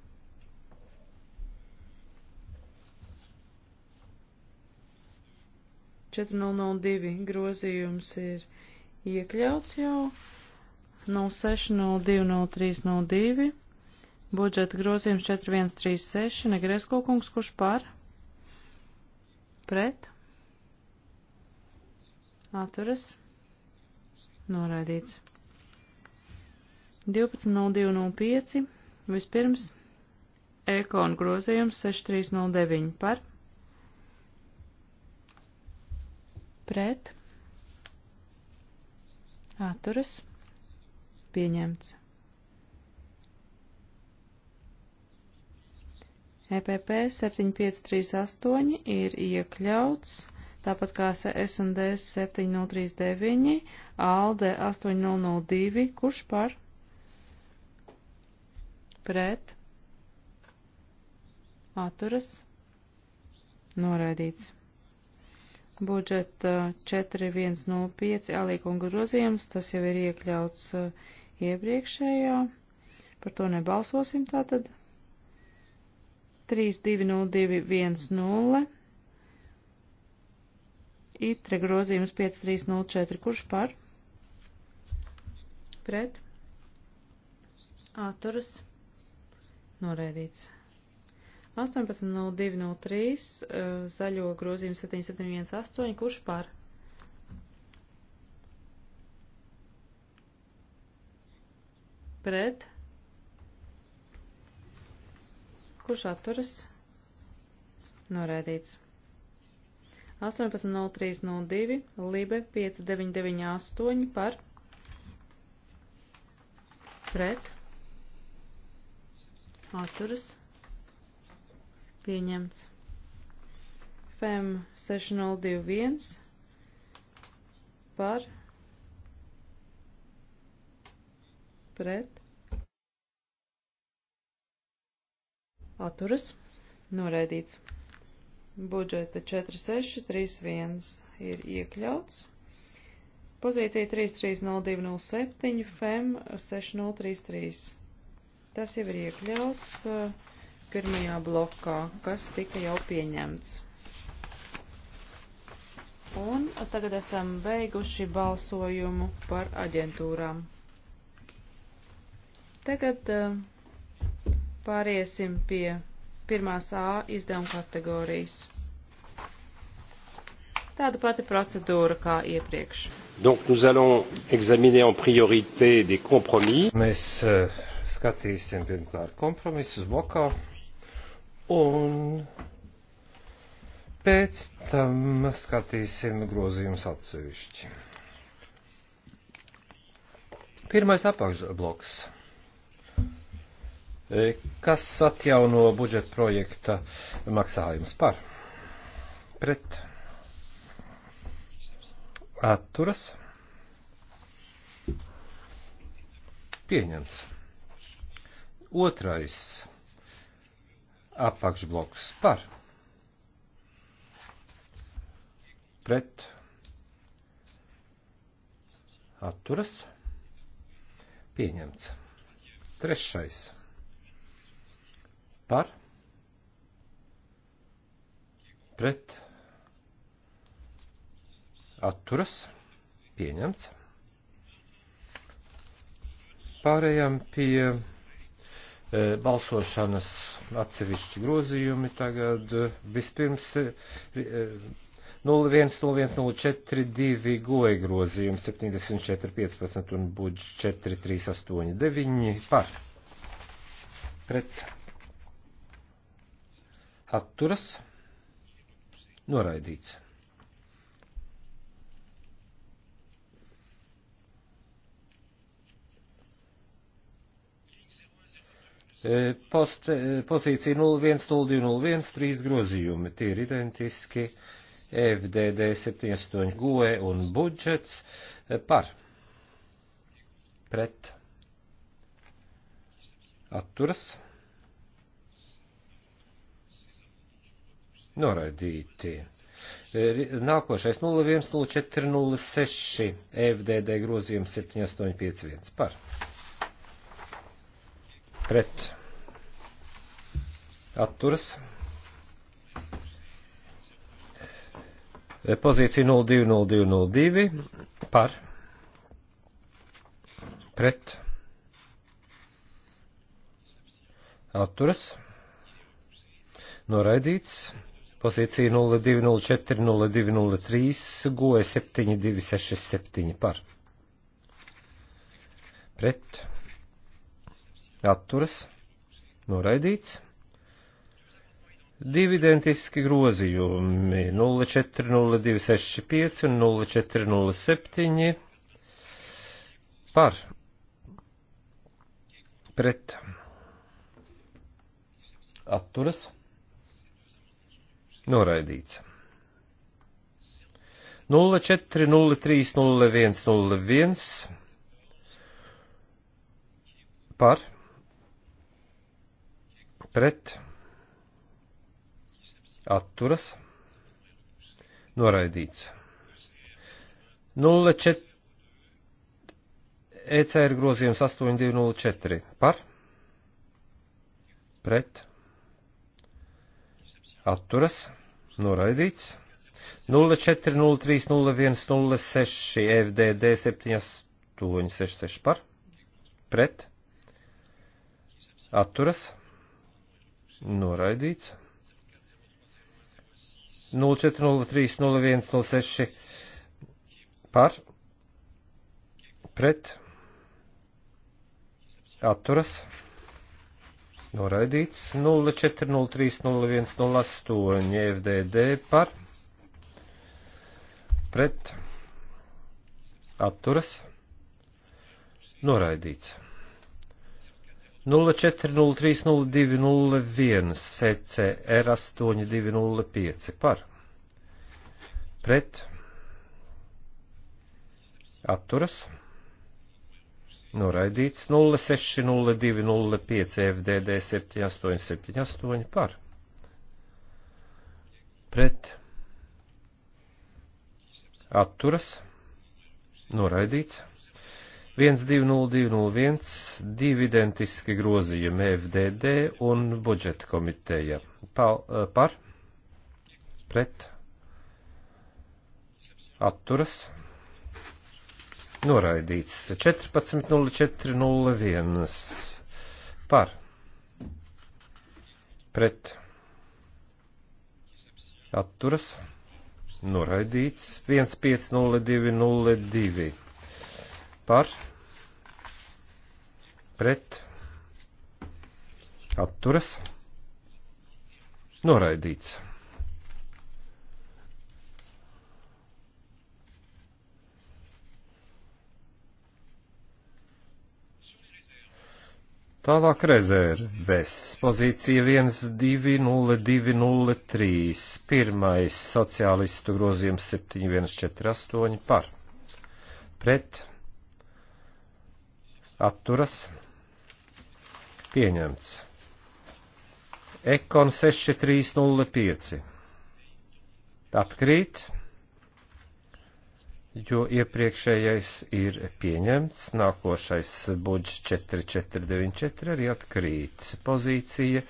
Četri nulle divi grozījums ir iekļauts jau. 06020302, budžeta grozījums 4136, Negresko kungs, kurš par, pret, atturas, noraidīts. 12.02.05. Vispirms ekonu grozījums 6309 par pret atturas pieņemts. E EPP 7538 ir iekļauts, tāpat kā S&D 7039, ALDE 8002, kurš par? Pret. Atturas. Noraidīts. Budžeta 4105 alīkunga grozījums, tas jau ir iekļauts uh, iepriekšējā. Par to nebalsosim tātad. 320210. Itre grozījums 5304. Kurš par? Pret. Atturas. Noraidīts. 18.02.03. Zaļo grozījumu 7718. Kurš par? pret, kurš atturas, noraidīts. 18.03.02, Libe 5998 par, pret, atturas, pieņemts. FM 6021 par, pret, atturas, noraidīts. Budžeta 4631 ir iekļauts. Pozīcija 330207, FEM 6033. Tas jau ir iekļauts eh, pirmajā blokā, kas tika jau pieņemts. Un tagad esam beiguši balsojumu par aģentūrām. Tagad eh, pāriesim pie pirmās A izdevuma kategorijas. Tāda pati procedūra kā iepriekš. Donc nous allons examiner en priorité des compromis. Mēs uh, skatīsim pirmkārt kompromisus blokā un pēc tam skatīsim grozījumus atsevišķi. Pirmais apakšbloks. E, kas atjauno budžeta projekta maksājums par pret atturas pieņemts. Otrais apakšbloks par pret atturas pieņemts. Trešais par pret atturas pieņemts. Pārējām pie e, balsošanas atsevišķi grozījumi tagad. Vispirms e, 01.01.04.2 e, goja grozījumi 74.15 un budž 4.3.8.9 par pret atturas noraidīts. E, post, e, pozīcija 010201, trīs grozījumi, tie ir identiski, FDD 78 GOE un budžets e, par, pret, atturas. noraidīti. E, nākošais 010406 e FDD grozījums 7851 par. Pret. Atturas. E, pozīcija 020202 par. Pret. Atturas. Noraidīts pozīcija 0204 0203 goja 72667 par. Pret. Atturas. Noraidīts. Divi identiski grozījumi 040265 un 0407 par. Pret. Atturas Noraidīts. 04030101 par pret atturas noraidīts. 04 ECR grozījums 8204 par pret atturas, noraidīts. 04030106 FDD 7866 par, pret, atturas, noraidīts. 04030106 par, pret, atturas, noraidīts Noraidīts 0403-0108 FDD par pret atturas. Noraidīts 0403-0201 CCR 8205 par pret atturas noraidīts 060205 FDD 7878 par pret atturas noraidīts 120201 divi identiski grozījumi FDD un budžeta komiteja pa, eh, par pret atturas noraidīts noraidīts. 14.04.01 par pret atturas noraidīts 15.02.02 par pret atturas noraidīts. Tālāk rezerves pozīcija 120203, pirmais sociālistu grozījums 7148 par, pret, atturas, pieņemts. Ekon 6305. Atkrīt jo iepriekšējais ir pieņemts, nākošais budžets 4494 arī atkrīt. Pozīcija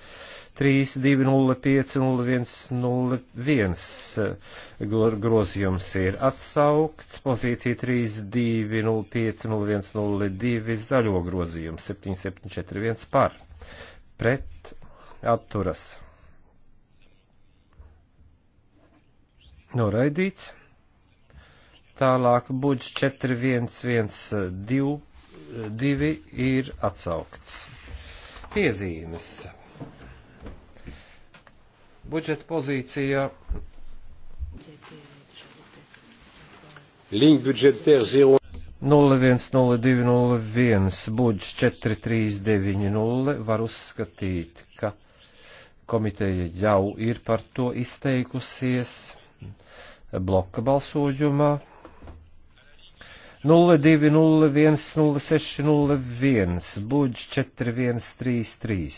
320501 grozījums ir atsaukts, pozīcija 32050102 zaļo grozījums 7741 par. Pret atturas. Noraidīts. Tālāk budžs 4112 ir atsaukts. Piezīmes. Budžeta pozīcija. Liņa budžetēra 010201 budžs 4390 var uzskatīt, ka komiteja jau ir par to izteikusies bloka balsojumā. 02010601, budž 4133,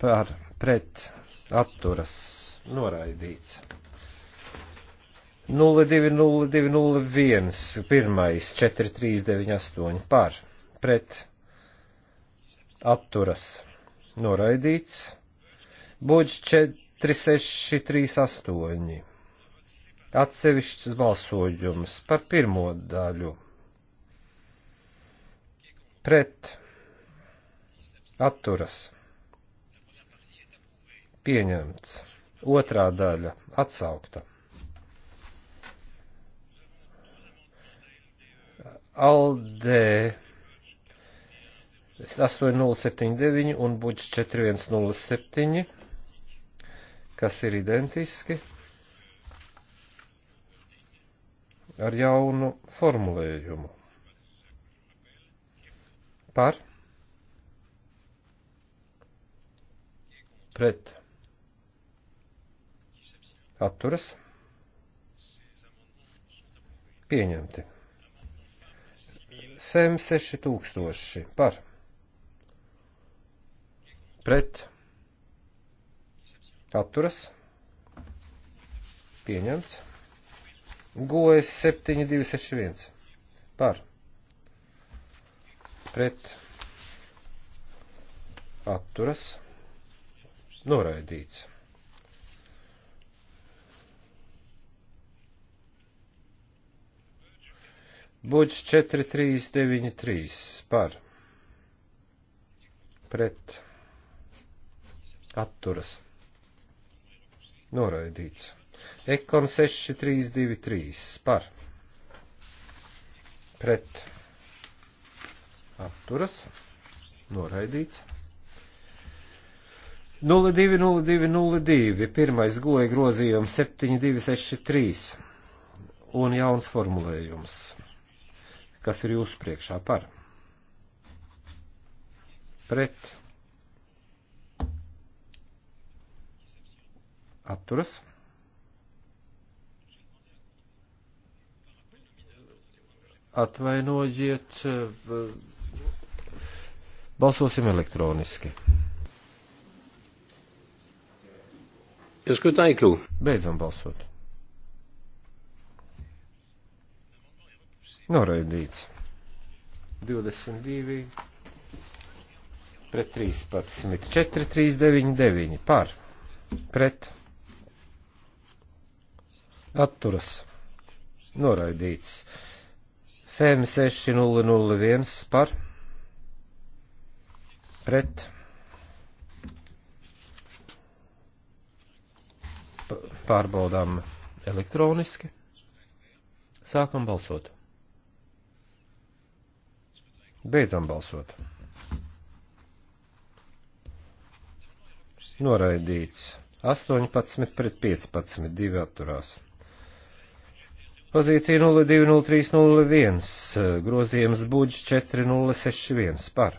par pret atturas noraidīts. 020201, pirmais 4398, par pret atturas noraidīts. Budž 4638 atsevišķs balsojums par pirmo daļu. Pret atturas pieņemts. Otrā daļa atsaukta. Aldē 8079 un budžets 4107, kas ir identiski. ar jaunu formulējumu. Par pret atturas pieņemti. FEM 6000 par pret atturas pieņemts. Gojas 7261 par pret atturas noraidīts. Budžs 4393 par pret atturas noraidīts. Ekon 6323 par pret atturas noraidīts. 020202 pirmais goja grozījums 7263 un jauns formulējums, kas ir jūsu priekšā par pret atturas. Atvainojiet, eh, balsosim elektroniski. Beidzam balsot. Noraidīts. 22 pret 13, 4, 3, 9, 9 par, pret, atturas, noraidīts. FM 6001 par pret pārbaudām elektroniski. Sākam balsot. Beidzam balsot. Noraidīts 18 pret 15, divi atturās. Pozīcija 020301, grozījums budžs 4061 par.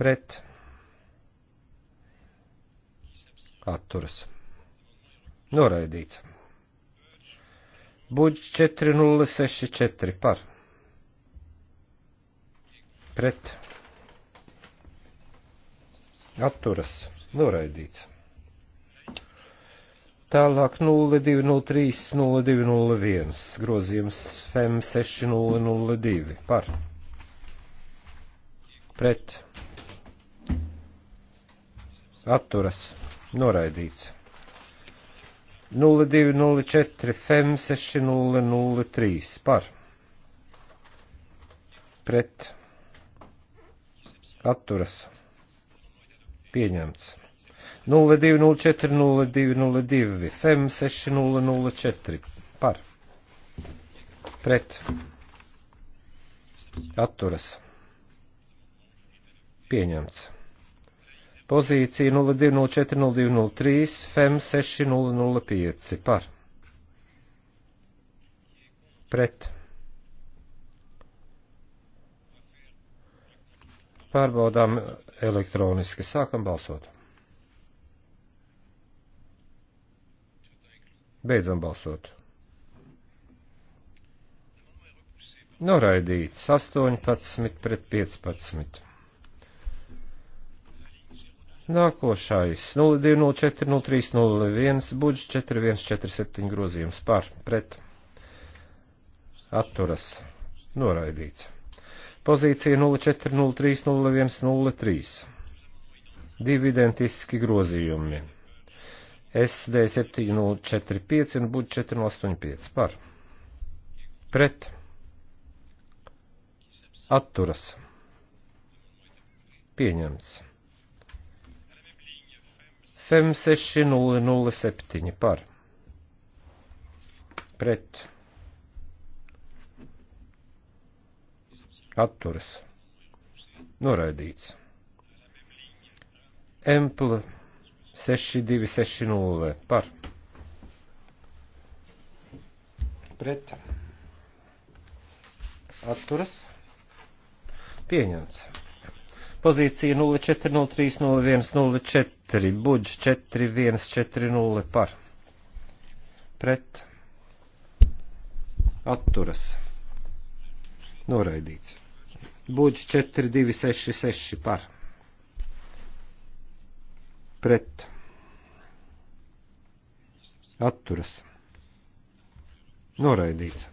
Pret. Atturas. Noraidīts. Budžs 4064 par. Pret. Atturas. Noraidīts. Tālāk 0203-0201, grozījums FEM 6002 par. Pret. Atturas. Noraidīts. 0204 FEM 6003 par. Pret. Atturas. Pieņemts. 0204 0202 FEM 6004 par pret atturas pieņemts. Pozīcija 0204 0203 FEM 6005 par pret. Pārbaudām elektroniski. Sākam balsot. Beidzam balsot. Noraidīts 18 pret 15. Nākošais 0204-0301, budžs 4147 grozījums par, pret, atturas, noraidīts. Pozīcija 0403-0103. Divi identiski grozījumi. SD 745 un būtu 485 par. Pret. Atturas. Pieņemts. FEM 6007 par. Pret. Atturas. Noraidīts. Empla 6260 par pret atturas pieņemts. Pozīcija 04030104, budž 4140 par pret atturas noraidīts. Budž 4266 par pret pret atturas noraidīts.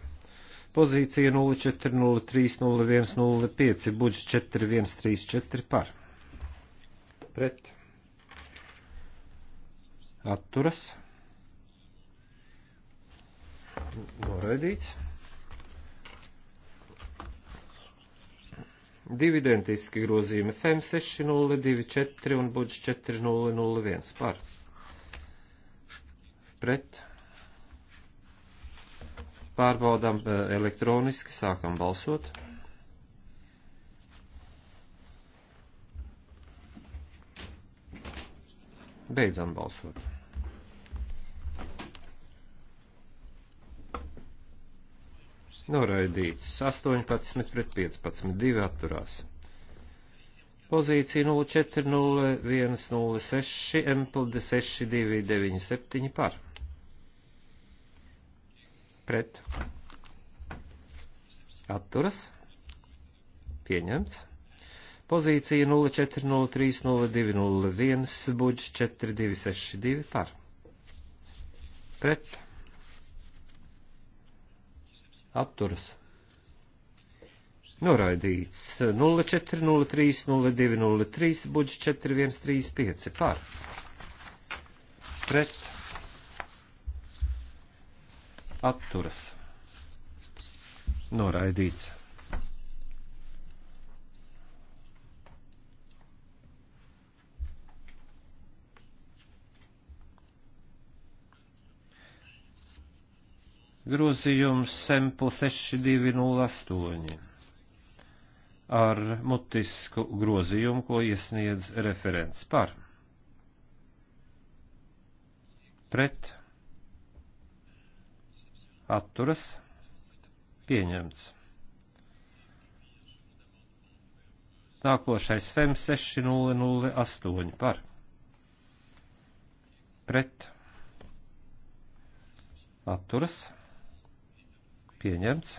Pozīcija 04030105, budžets 4134 par. Pret. Atturas. Noraidīts. Divi identiski grozījumi FEM 6024 un budžs 4001 par. Pret. Pārbaudām eh, elektroniski, sākam balsot. Beidzam balsot. noraidīts 18 pret 15, 2 atturās. Pozīcija 040106, MPLD 6297 par. Pret. Atturas. Pieņemts. Pozīcija 04030201, budžs 4262 par. Pret atturas noraidīts 0403-0203, budžets 4135 par pret atturas noraidīts. grozījums Sempl 6208 ar mutisku grozījumu, ko iesniedz referents par. Pret atturas pieņemts. Nākošais FEM 6008 par. Pret atturas pieņemts pieņemts.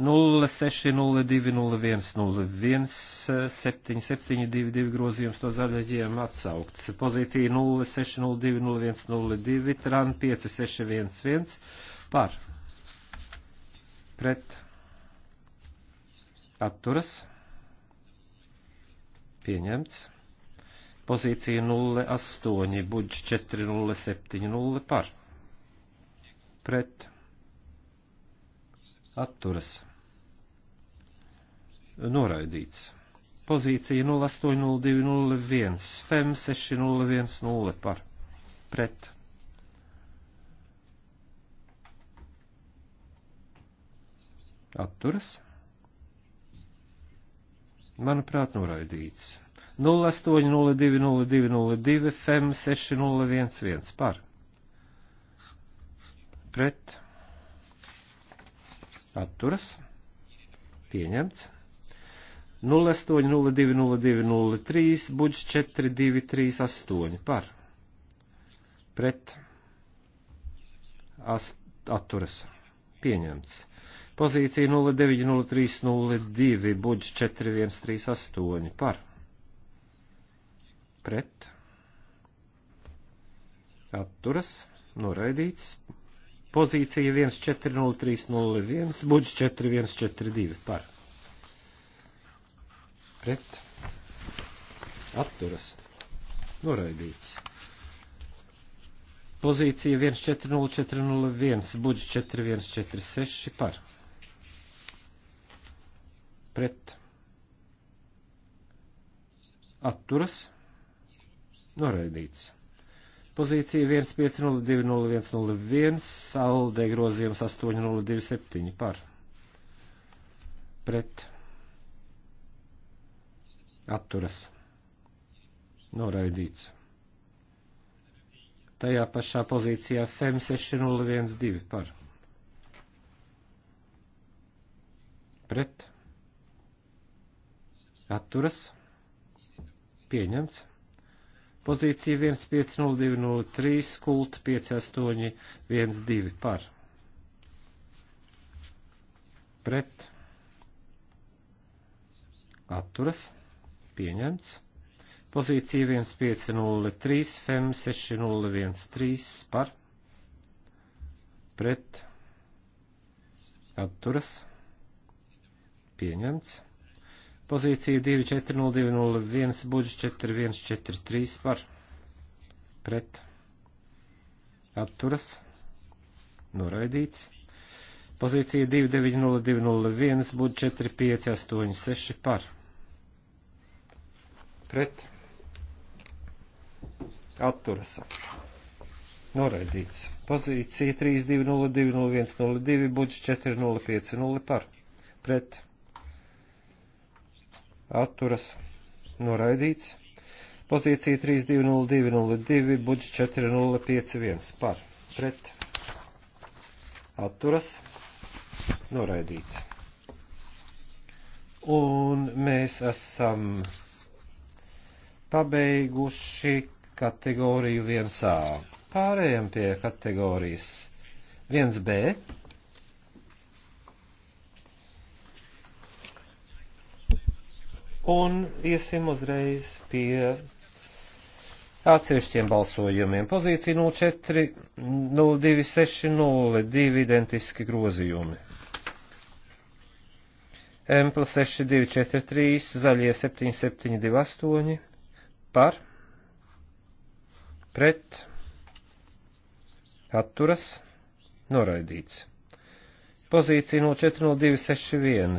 06020101772 eh, grozījums no zaļajiem atsaukts. Pozīcija 060201002 tran 5611 par pret atturas pieņemts. Pozīcija 08 budž 4070 par pret atturas atturas noraidīts. Pozīcija 080201, FEM 6010 par pret. Atturas. Manuprāt, noraidīts. 08020202 FEM 6011 par pret atturas, pieņemts. 08.02.02.03, budžs 4238 par, pret, ast, atturas, pieņemts. Pozīcija 09.03.02, budžs 4138 par, pret, atturas, noraidīts, Pozīcija 140301, budžets 4142 par. Pret. Atturas. Noraidīts. Pozīcija 140401, budžets 4146 par. Pret. Atturas. Noraidīts pozīcija 15020101, saldē grozījums 8027 par. Pret. Atturas. Noraidīts. Tajā pašā pozīcijā FEM 6012 par. Pret. Atturas. Pieņemts pozīcija 150203, kult 5812 par. Pret. Atturas. Pieņemts. Pozīcija 1503, FEM 6013 par. Pret. Atturas. Pieņemts Pozīcija 240201, budžets 4143 par pret atturas noraidīts. Pozīcija 290201, budžets 4586 par pret atturas noraidīts. Pozīcija 320201, budžets 4050 par pret atturas atturas noraidīts. Pozīcija 320202, budžets 4051 par pret atturas noraidīts. Un mēs esam pabeiguši kategoriju 1A. Pārējām pie kategorijas 1B. un iesim uzreiz pie atsevišķiem balsojumiem. Pozīcija 04, 0260, divi identiski grozījumi. M plus 6243, zaļie 7728, par, pret, atturas, noraidīts. Pozīcija 040261,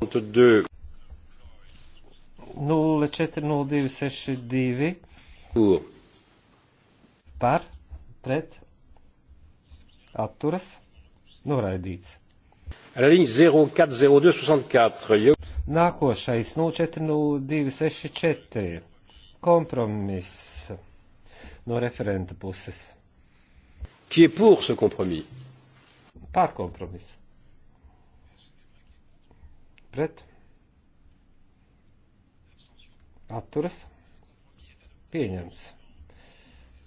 040262 par pret atturas noraidīts. Liņa 040264. Nākošais 040264. Kompromiss no referenta puses. Qui est pour ce compromis? Par kompromisu pret atturas pieņemts.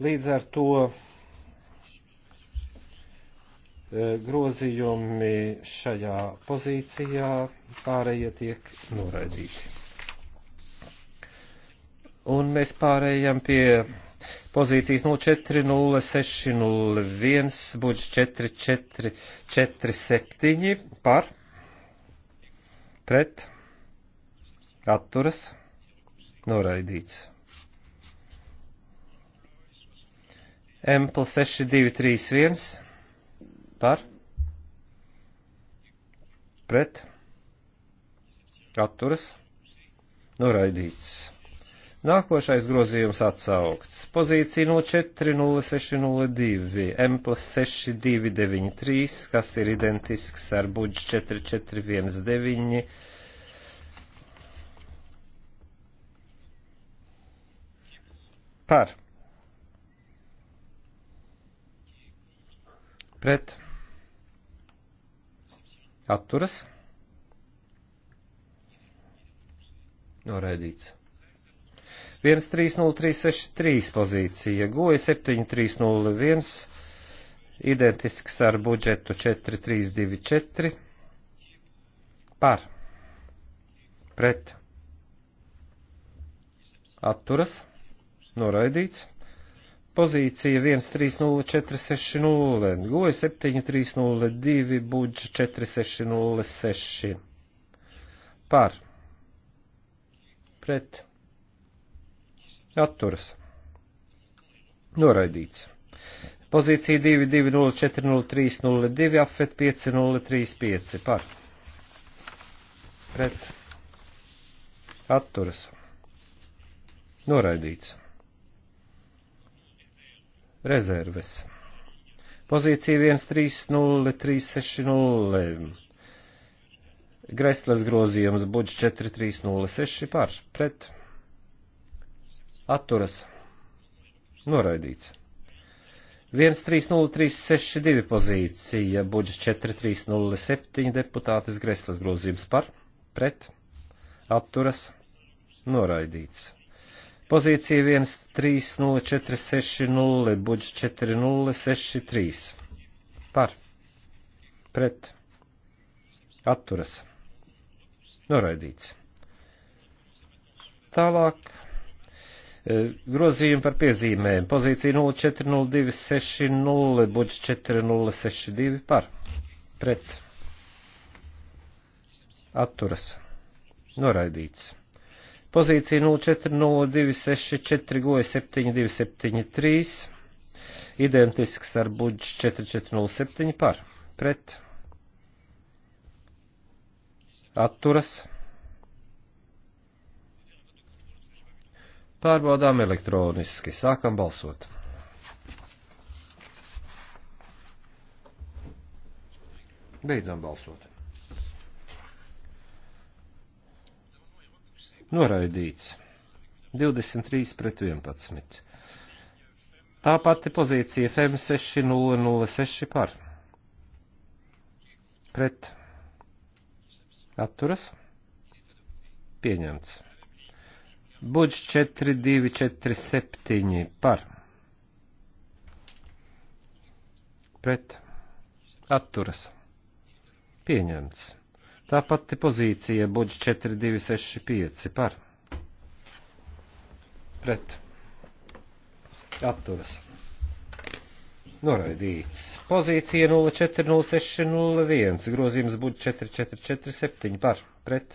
Līdz ar to e, grozījumi šajā pozīcijā pārējie tiek noraidīti. Un mēs pārējām pie pozīcijas 040601, budžets 4447 par pret, atturas, noraidīts. Empl 6231 par, pret, atturas, noraidīts. Nākošais grozījums atsaukts. Pozīcija no 40602, M plus 6293, kas ir identisks ar budž 4419. Par. Pret. Atturas. Noraidīts. 130363 pozīcija, goja 7301, identisks ar budžetu 4324, par, pret, atturas, noraidīts, pozīcija 130460, goja 7302, budž 4606, par, pret, atturas noraidīts. Pozīcija 22040302 afet 5035 par pret atturas noraidīts. Rezerves. Pozīcija 130360. Greslas grozījums budžets 4306 par pret atturas noraidīts. 130362 pozīcija, budžets 4307, deputātes Greslas grozījums par, pret, atturas noraidīts. Pozīcija 130460, budžets 4063 par, pret, atturas noraidīts. Tālāk E, grozījumi par piezīmēm. Pozīcija 040260, budžets 4062 par. Pret. Atturas. Noraidīts. Pozīcija 040264, goja 7273. Identisks ar budžets 4407 par. Pret. Atturas. Pārbaudām elektroniski. Sākam balsot. Beidzam balsot. Noraidīts. 23 pret 11. Tā pati pozīcija FM 6006 par. Pret. Atturas. Pieņemts. Budž 4247 par. Pret. Atturas. Pieņemts. Tā pati pozīcija budž 4265 par. Pret. Atturas. Noraidīts. Pozīcija 040601. Grozījums budž 4447 par. Pret.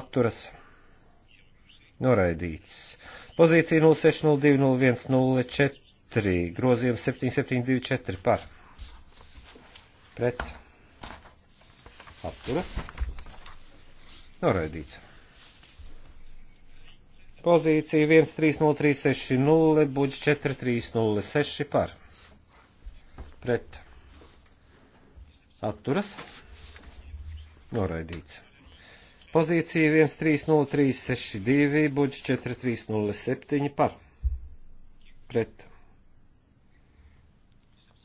Atturas. Noraidīts. Pozīcija 06020104, grozījums 7724 par. Pret. Atturas. Noraidīts. Pozīcija 130360, budž 4306 par. Pret. Atturas. Noraidīts. Pozīcija 130362, budžets 4307 par. Pret.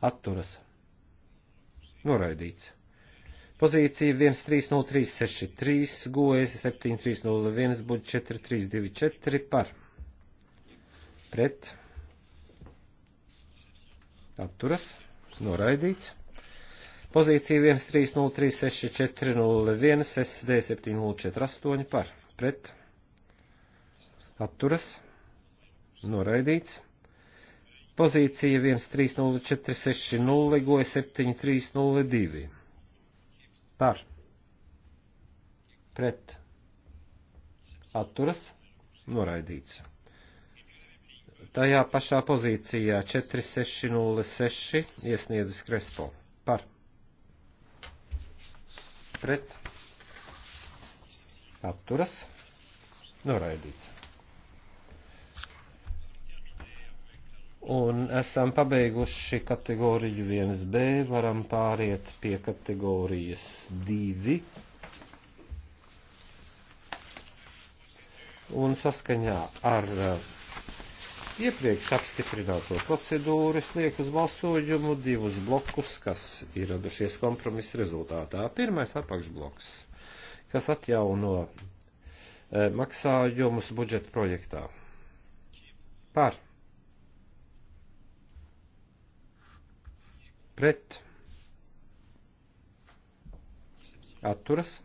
Atturas. Noraidīts. Pozīcija 130363, gojas 7301, budžets 4324 par. Pret. Atturas. Noraidīts. Pozīcija 13036401 SD7048 par pret. Atturas. Noraidīts. Pozīcija 130460 goja 7302 par pret. Atturas. Noraidīts. Tajā pašā pozīcijā 4606 iesniedzis Krespo par pret apturas noraidīts. Un esam pabeiguši kategoriju 1B, varam pāriet pie kategorijas 2. Un saskaņā ar uh, iepriekš apstiprināto procedūru es lieku uz balsojumu divus blokus, kas ir radušies kompromisa rezultātā. Pirmais apakšbloks, kas atjauno e, maksājumus budžeta projektā. Par. Pret. Atturas.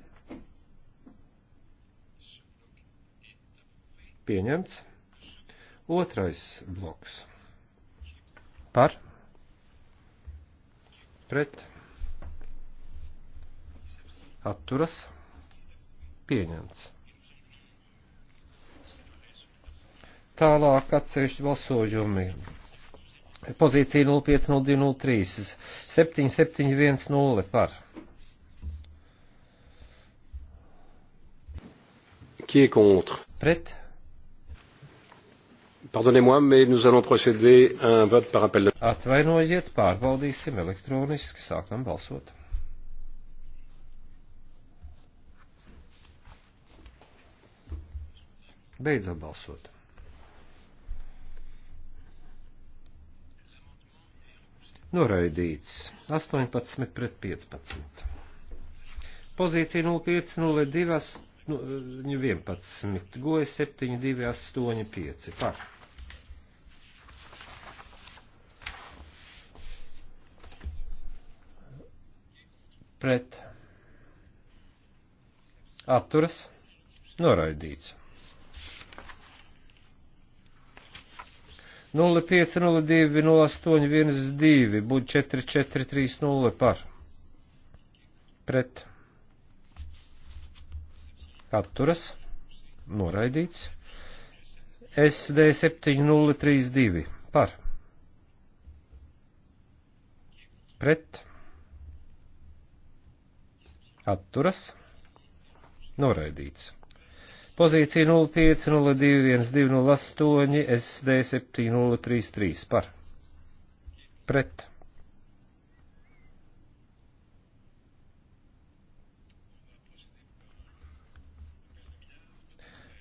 Pieņemts. Otrais bloks. Par. Pret. Atturas. Pieņemts. Tālāk atsevišķi balsojumi. Pozīcija 050203. 7710 par. Qui est contre? Pret. Pardonnez-moi, mais nous allons procéder à un vote par appel. Atvainojiet, pārbaudīsim elektroniski, sākam balsot. Beidzam balsot. Noraidīts 18 pret 15. Pozīcija 0502 11, nu, eh, nu, goja 7285 par. pret atturas noraidīts. 0502-0812, buļ 4430 par pret atturas noraidīts. SD 7032 par pret atturas noraidīts. Pozīcija 05021208 SD7033 par pret.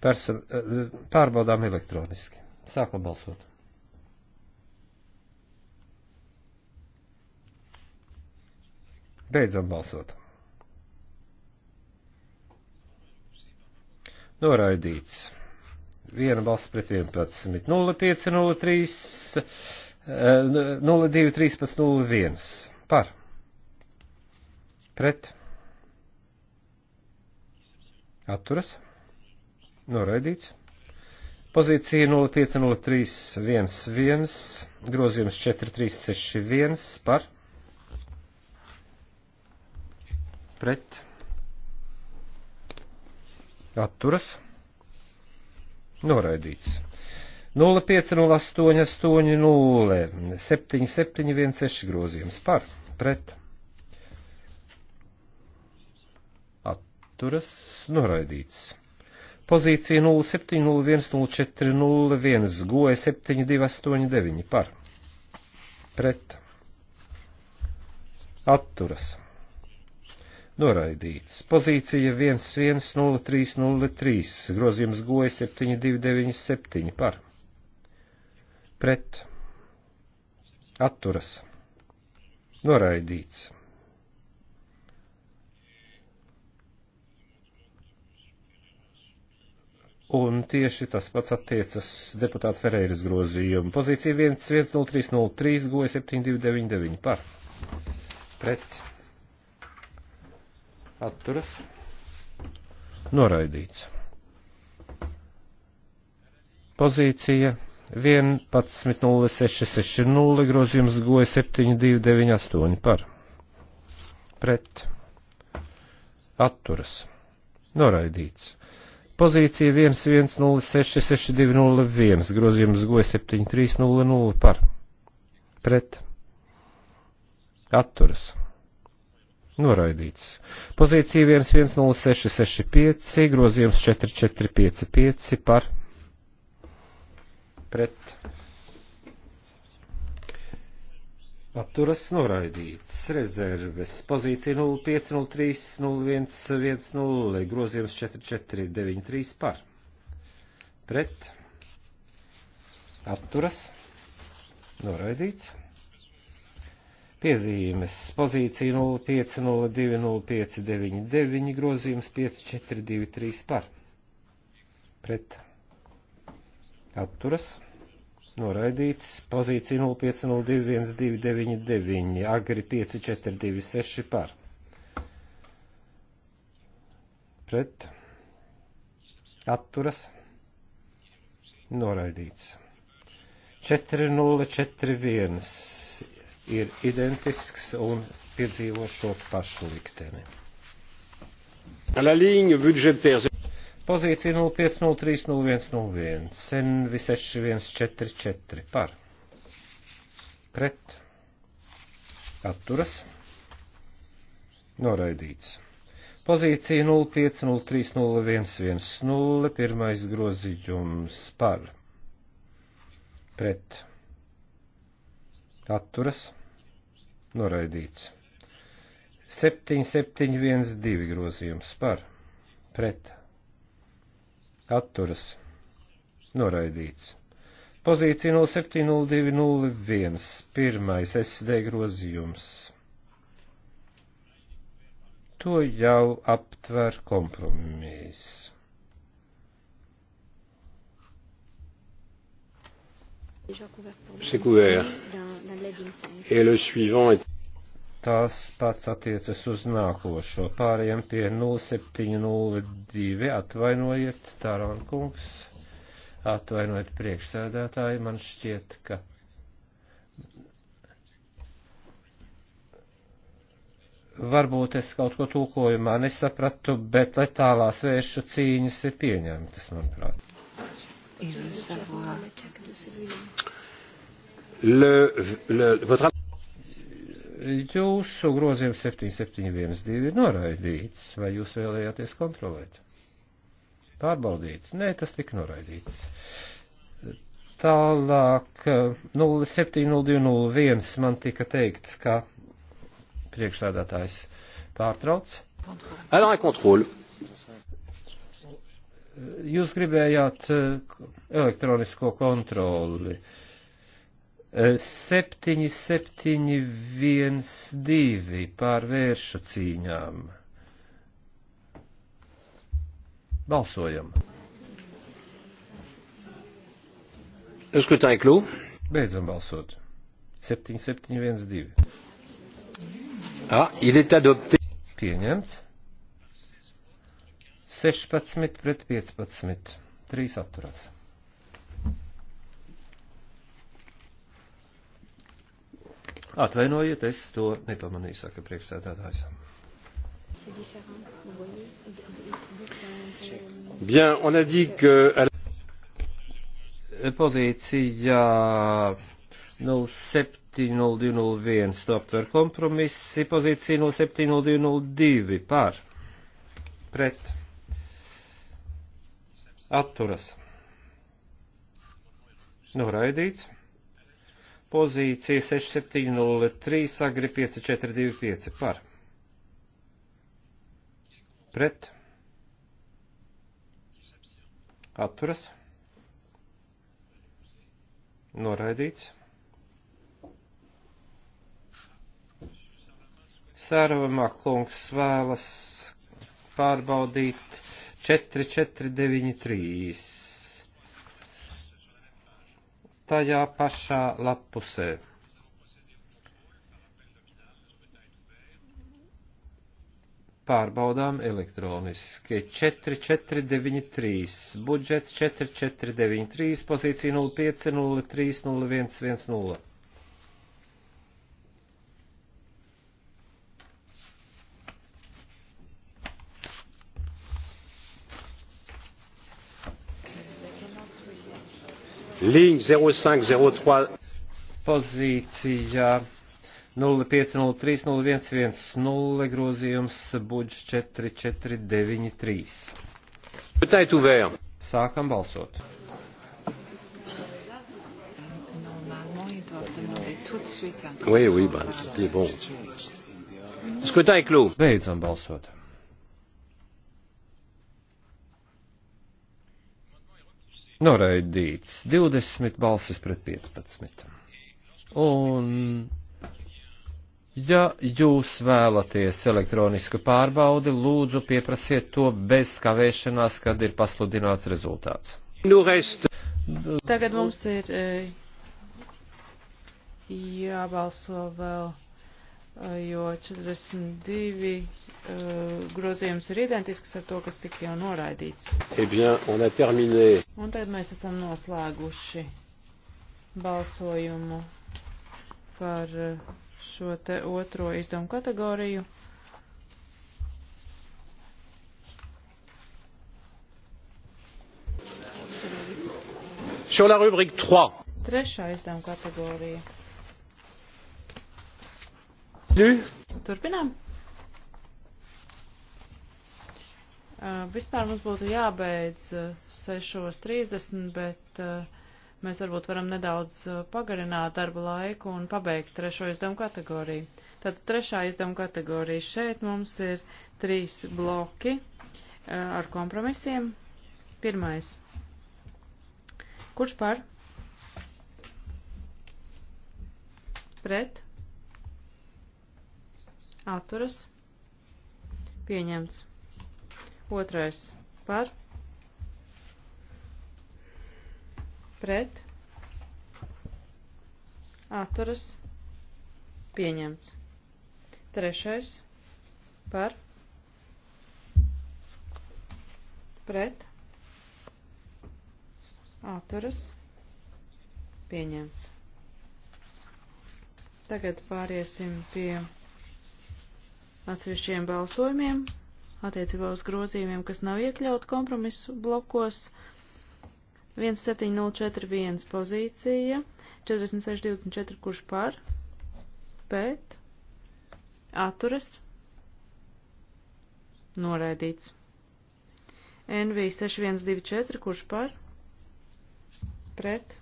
Person, eh, pārbaudām elektroniski. Sākam balsot. Beidzam balsot. noraidīts. 1 balss pret 11, 05, 03, 02, 13, 01. Par. Pret. Atturas. Noraidīts. Pozīcija 050311, grozījums 4361 par pret atturas noraidīts. 05088077716 grozījums par pret atturas noraidīts. Pozīcija 070104001 goja 7289 par pret atturas noraidīts noraidīts. Pozīcija 110303, grozījums goja 7297 par. Pret. Atturas. Noraidīts. Un tieši tas pats attiecas deputāta Ferreiras grozījumu. Pozīcija 110303, goja 7299 par. Pret atturas noraidīts. Pozīcija 11.0660 grozījums goja 7298 par. Pret. Atturas. Noraidīts. Pozīcija 11.066201 grozījums goja 7300 par. Pret. Atturas. Noraidīts. Pozīcija 110665, grozījums 4455 par pret paturas noraidīts. Rezerves pozīcija 05030110, grozījums 4493 par pret atturas noraidīts piezīmes pozīcija 0502059 grozījums 5423 par. Pret. Atturas. Noraidīts. Pozīcija 0502129 agri 5426 par. Pret. Atturas. Noraidīts. 4041 ir identisks un piedzīvo šo pašu likteni. Pozīcija 05030101, sen 6144 par. Pret. Atturas. Noraidīts. Pozīcija 05030110, pirmais grozījums par. Pret. Atturas Noraidīts. 7712 grozījums par, pret, atturas, noraidīts. Pozīcija 070201, pirmais SD grozījums. To jau aptver kompromiss. C'est couvert. Et le suivant est. Tas pats attiecas uz nākošo. Pāriem pie 0702 atvainojiet, Tarankungs, atvainojiet priekšsēdētāji, man šķiet, ka varbūt es kaut ko tūkojumā nesapratu, bet letālās vēršu cīņas ir pieņemtas, manuprāt. Il veut savoir. Le, le, votre... Jūsu grozījums 7712 ir noraidīts, vai jūs vēlējāties kontrolēt? Pārbaudīts. Nē, tas tika noraidīts. Tālāk, 070201 man tika teikts, ka priekšsēdētājs pārtrauc. Alain kontroli. Jūs gribējāt eh, elektronisko kontroli. 7712 eh, pār vēršu cīņām. Balsojam. Skatāju klū. Beidzam balsot. 7712. Ah, il est adopté. Pieņemts. 16 pret 15. 3 atturās. Atvainojiet, es to nepamanīju, saka priekšsēdētājs. Bien, on a dit que... Pozīcija 070201, to aptver kompromisi, pozīcija 070202 par. Pret atturas noraidīts. Pozīcija 6703, agri 5425 par. Pret. Atturas. Noraidīts. Sērvamā kungs vēlas pārbaudīt 4493. Tajā pašā lapusē. Pārbaudām elektroniski. 4493, budžets 4493, pozīcija 05030110. ligne 0503. Pozīcijā 0503-0110 grozījums budžs 4493. Peut-être ouvert. Sākam balsot. Oui, oui, bah, c'était bon. Scrutin est clos. Beidzam balsot. Noraidīts 20 balsis pret 15. Un, ja jūs vēlaties elektronisku pārbaudi, lūdzu pieprasiet to bez kavēšanās, kad ir pasludināts rezultāts. Nu, Tagad mums ir eh, jābalso vēl jo 42 uh, eh, grozījums ir identisks ar to, kas tika jau noraidīts. Eh bien, on a terminé. Un tad mēs esam noslēguši balsojumu par eh, šo te otro izdevumu kategoriju. Sur la rubrique 3. Trešā izdevuma kategorija. Turpinām. Uh, vispār mums būtu jābeidz uh, 6.30, bet uh, mēs varbūt varam nedaudz pagarināt darba laiku un pabeigt trešo izdevumu kategoriju. Tātad trešā izdevuma kategorija šeit mums ir trīs bloki ar kompromisiem. Pirmais. Kurš par? Pret? atturas, pieņemts. Otrais par, pret, atturas, pieņemts. Trešais par, pret, atturas, pieņemts. Tagad pāriesim pie atsevišķiem balsojumiem attiecībā uz grozījumiem, kas nav iekļaut kompromisu blokos. 17041 pozīcija, 4624 kurš par, pēc, atturas, noraidīts. NV 6124 kurš par, pret,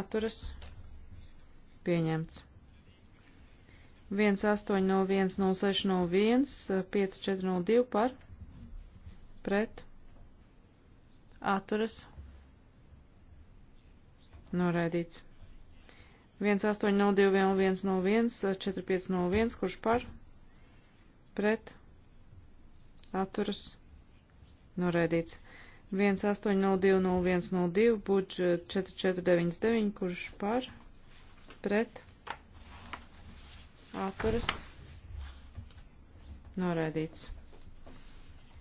atturas, pieņemts. 1801-0601-5402 par pret atturas noraidīts. 1802-1101-4501, kurš par pret atturas noraidīts. 1802-0102, budž 4499, kurš par pret atturas atturas noraidīts.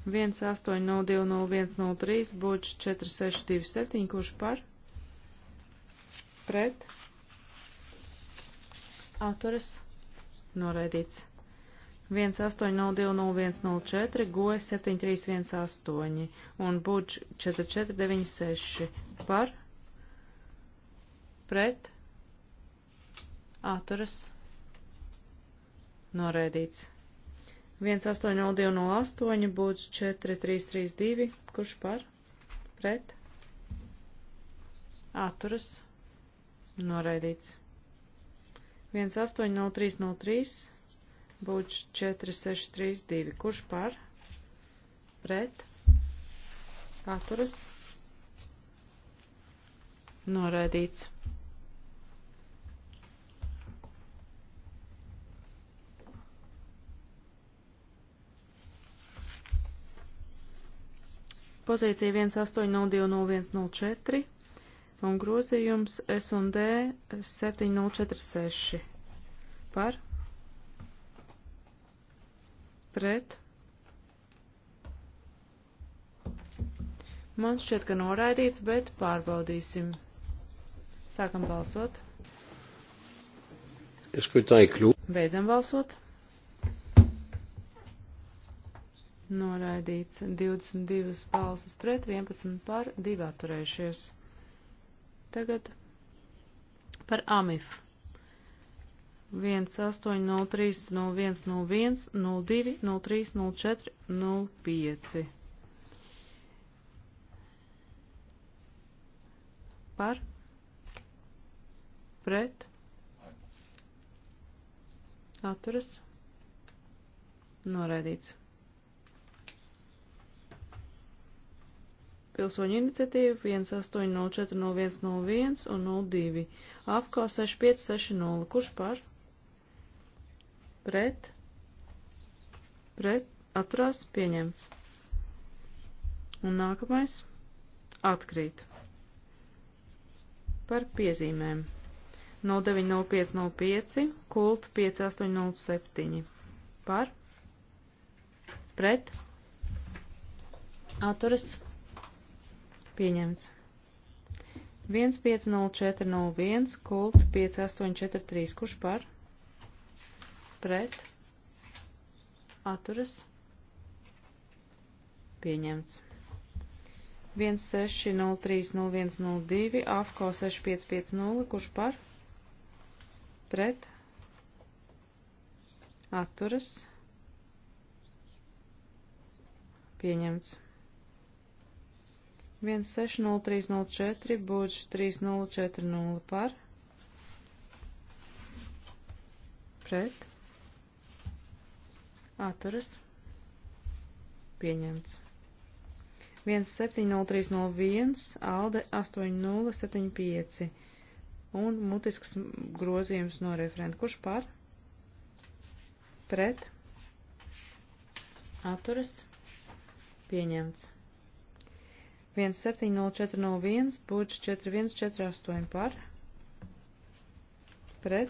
1802103, budž 4627, kurš par, pret, atturas noraidīts. 1802104, goja 7318 un budž 4496 par, pret, atturas noraidīts noraidīts. 180208 būs 4332, kurš par, pret, atturas, noraidīts. 180303 būs 4632, kurš par, pret, atturas, noraidīts. pozīcija 180204 un grozījums S&D 7046 par pret. Man šķiet, ka noraidīts, bet pārbaudīsim. Sākam balsot. Beidzam balsot. Noraidīts 22 balsis pret, 11 par, 2 atturējušies. Tagad par AMIF. 1, 8, 0, 3, 0, 1, 0, 1, 0, 2, 0, 3, 0, 4, 0, 5. Par, pret, atturas, noraidīts. pilsoņu iniciatīva 18040101 un 02. AFKO 6560. Kurš par? Pret? Pret? Atturās? Pieņemts. Un nākamais? Atkrīt. Par piezīmēm. 090505, kult 5807. Par? Pret? Atturas? Pieņemts. 150401, kult 5843, kurš par? Pret. Atturas. Pieņemts. 16030102, AFCO 6550, kurš par? Pret. Atturas. Pieņemts. 160304, budž 3040 par, pret, atturas, pieņemts. 170301, alde 8075 un mutisks grozījums no referenta. Kurš par? Pret, atturas, pieņemts. 170401, budžets 4148 par, pret,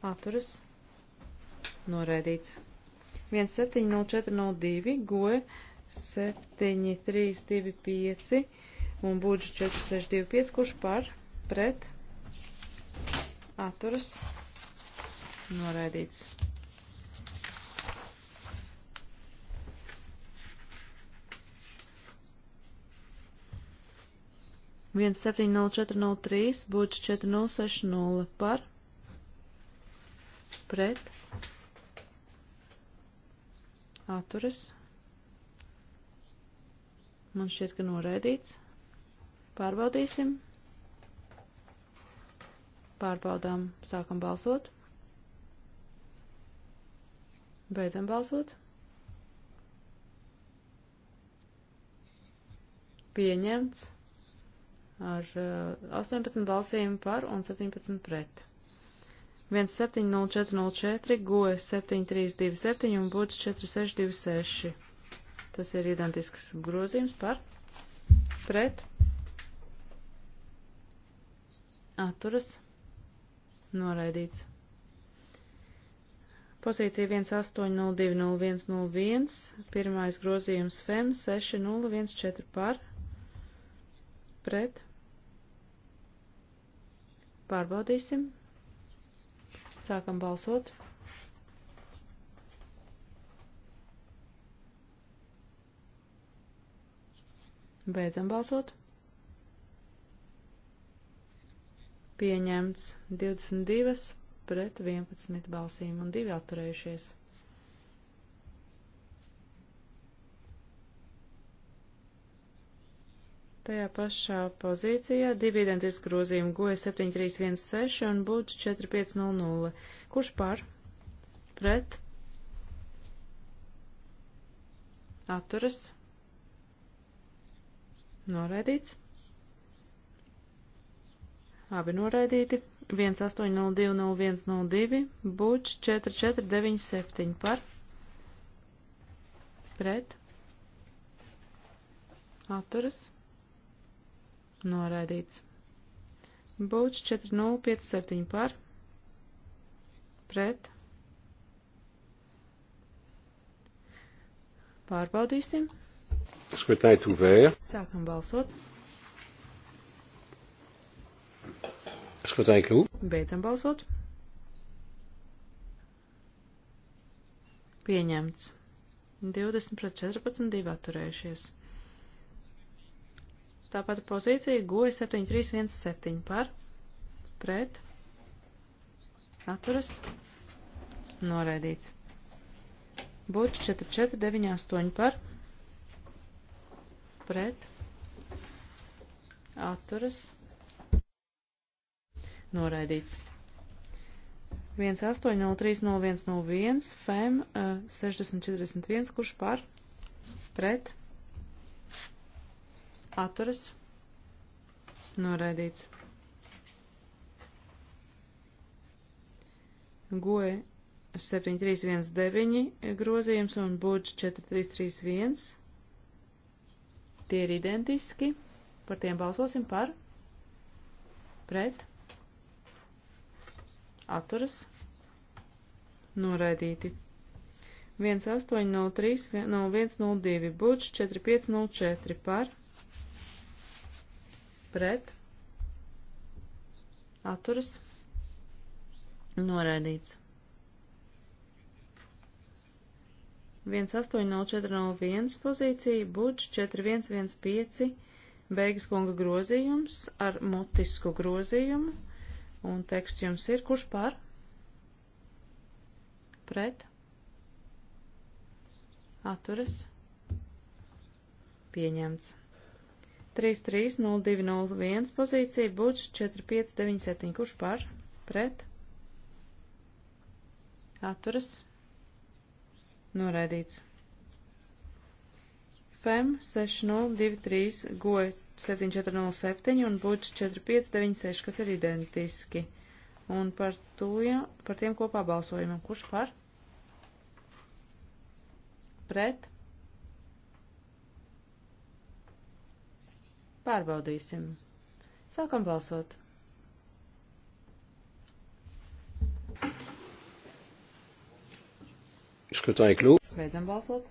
atturas, noraidīts. 170402, goja 7325 un budžets 4625, kurš par, pret, atturas, noraidīts. 170403, būtu 4060 par, pret, atturas, man šķiet, ka noraidīts, pārbaudīsim, pārbaudām, sākam balsot, beidzam balsot. pieņemts ar 18 eh, balsīm par un 17 pret. 170404, goja 7327 un būtu 4626. Tas ir identisks grozījums par pret atturas noraidīts. Pozīcija 18020101, pirmais grozījums FEM 6014 par pret. Pārbaudīsim. Sākam balsot. Beidzam balsot. Pieņemts 22 pret 11 balsīm un 2 atturējušies. Tajā pašā pozīcijā divi identiski grozījumi goja 7316 un būtu 4500. Kurš par? Pret? Atturas? Noraidīts? Abi noraidīti. 18020102, buč 4497 par, pret, atturas, noraidīts. Būts 4057 par, pret. Pārbaudīsim. Skatāji tu vēja. Sākam balsot. Skatāji kļū. Beidzam balsot. Pieņemts. 20 pret 14 divi atturējušies tā pati pozīcija, goja 7317 par, pret, atturas, noraidīts. Būtu 4498 par, pret, atturas, noraidīts. 18030101, FEM 6041, eh, kurš par, pret, atturas, noraidīts. Goe 7319 grozījums un budž 4331. Tie ir identiski. Par tiem balsosim par. Pret. Atturas. Noraidīti. 1803, 0102, budž 4504 par pret, atturas, noraidīts. 180401 pozīcija, budž 4115, beigas kunga grozījums ar mutisku grozījumu, un teksts jums ir, kurš par? Pret? Atturas? Pieņemts. 330201 pozīcija, budžets 4597, kurš par, pret, atturas, noraidīts. FM 6023, goja 7407 un budžets 4596, kas ir identiski. Un par, to, ja, par tiem kopā balsojumam, kurš par, pret, Pārbaudīsim. Sākam balsot. Skatāj kļūt. Beidzam balsot.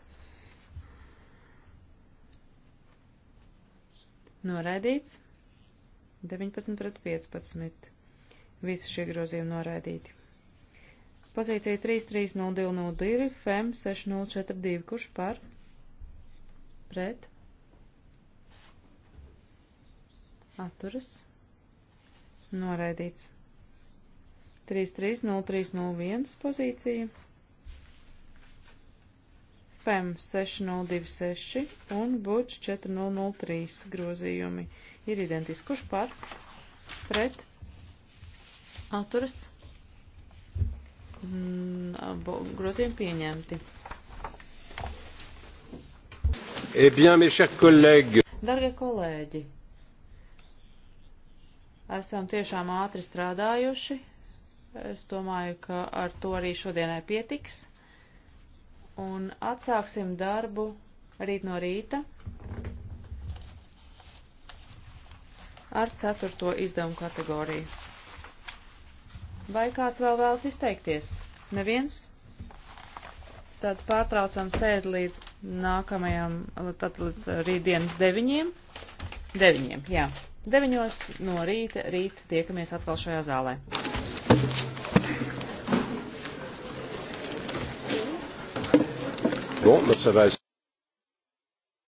Noraidīts. 19 pret 15. Visi šie grozījumi noraidīti. Pozīcija 330202, FEM 6042, kurš par? Pret? atturas, noraidīts. 330301 pozīcija, FM 6026 un Buč 4003 grozījumi ir identiski. Kurš par? Pret? Atturas? Mm, grozījumi pieņemti. Eh bien, mes chers collègues. Dargie kolēģi, Esam tiešām ātri strādājuši. Es domāju, ka ar to arī šodienai pietiks. Un atsāksim darbu rīt no rīta ar ceturto izdevumu kategoriju. Vai kāds vēl vēlas izteikties? Neviens? Tad pārtraucam sēdi līdz nākamajam, tad līdz rītdienas deviņiem. Deviņiem, jā. Deviņos no rīta, rīt tiekamies atkal šajā zālē. Bon, ça va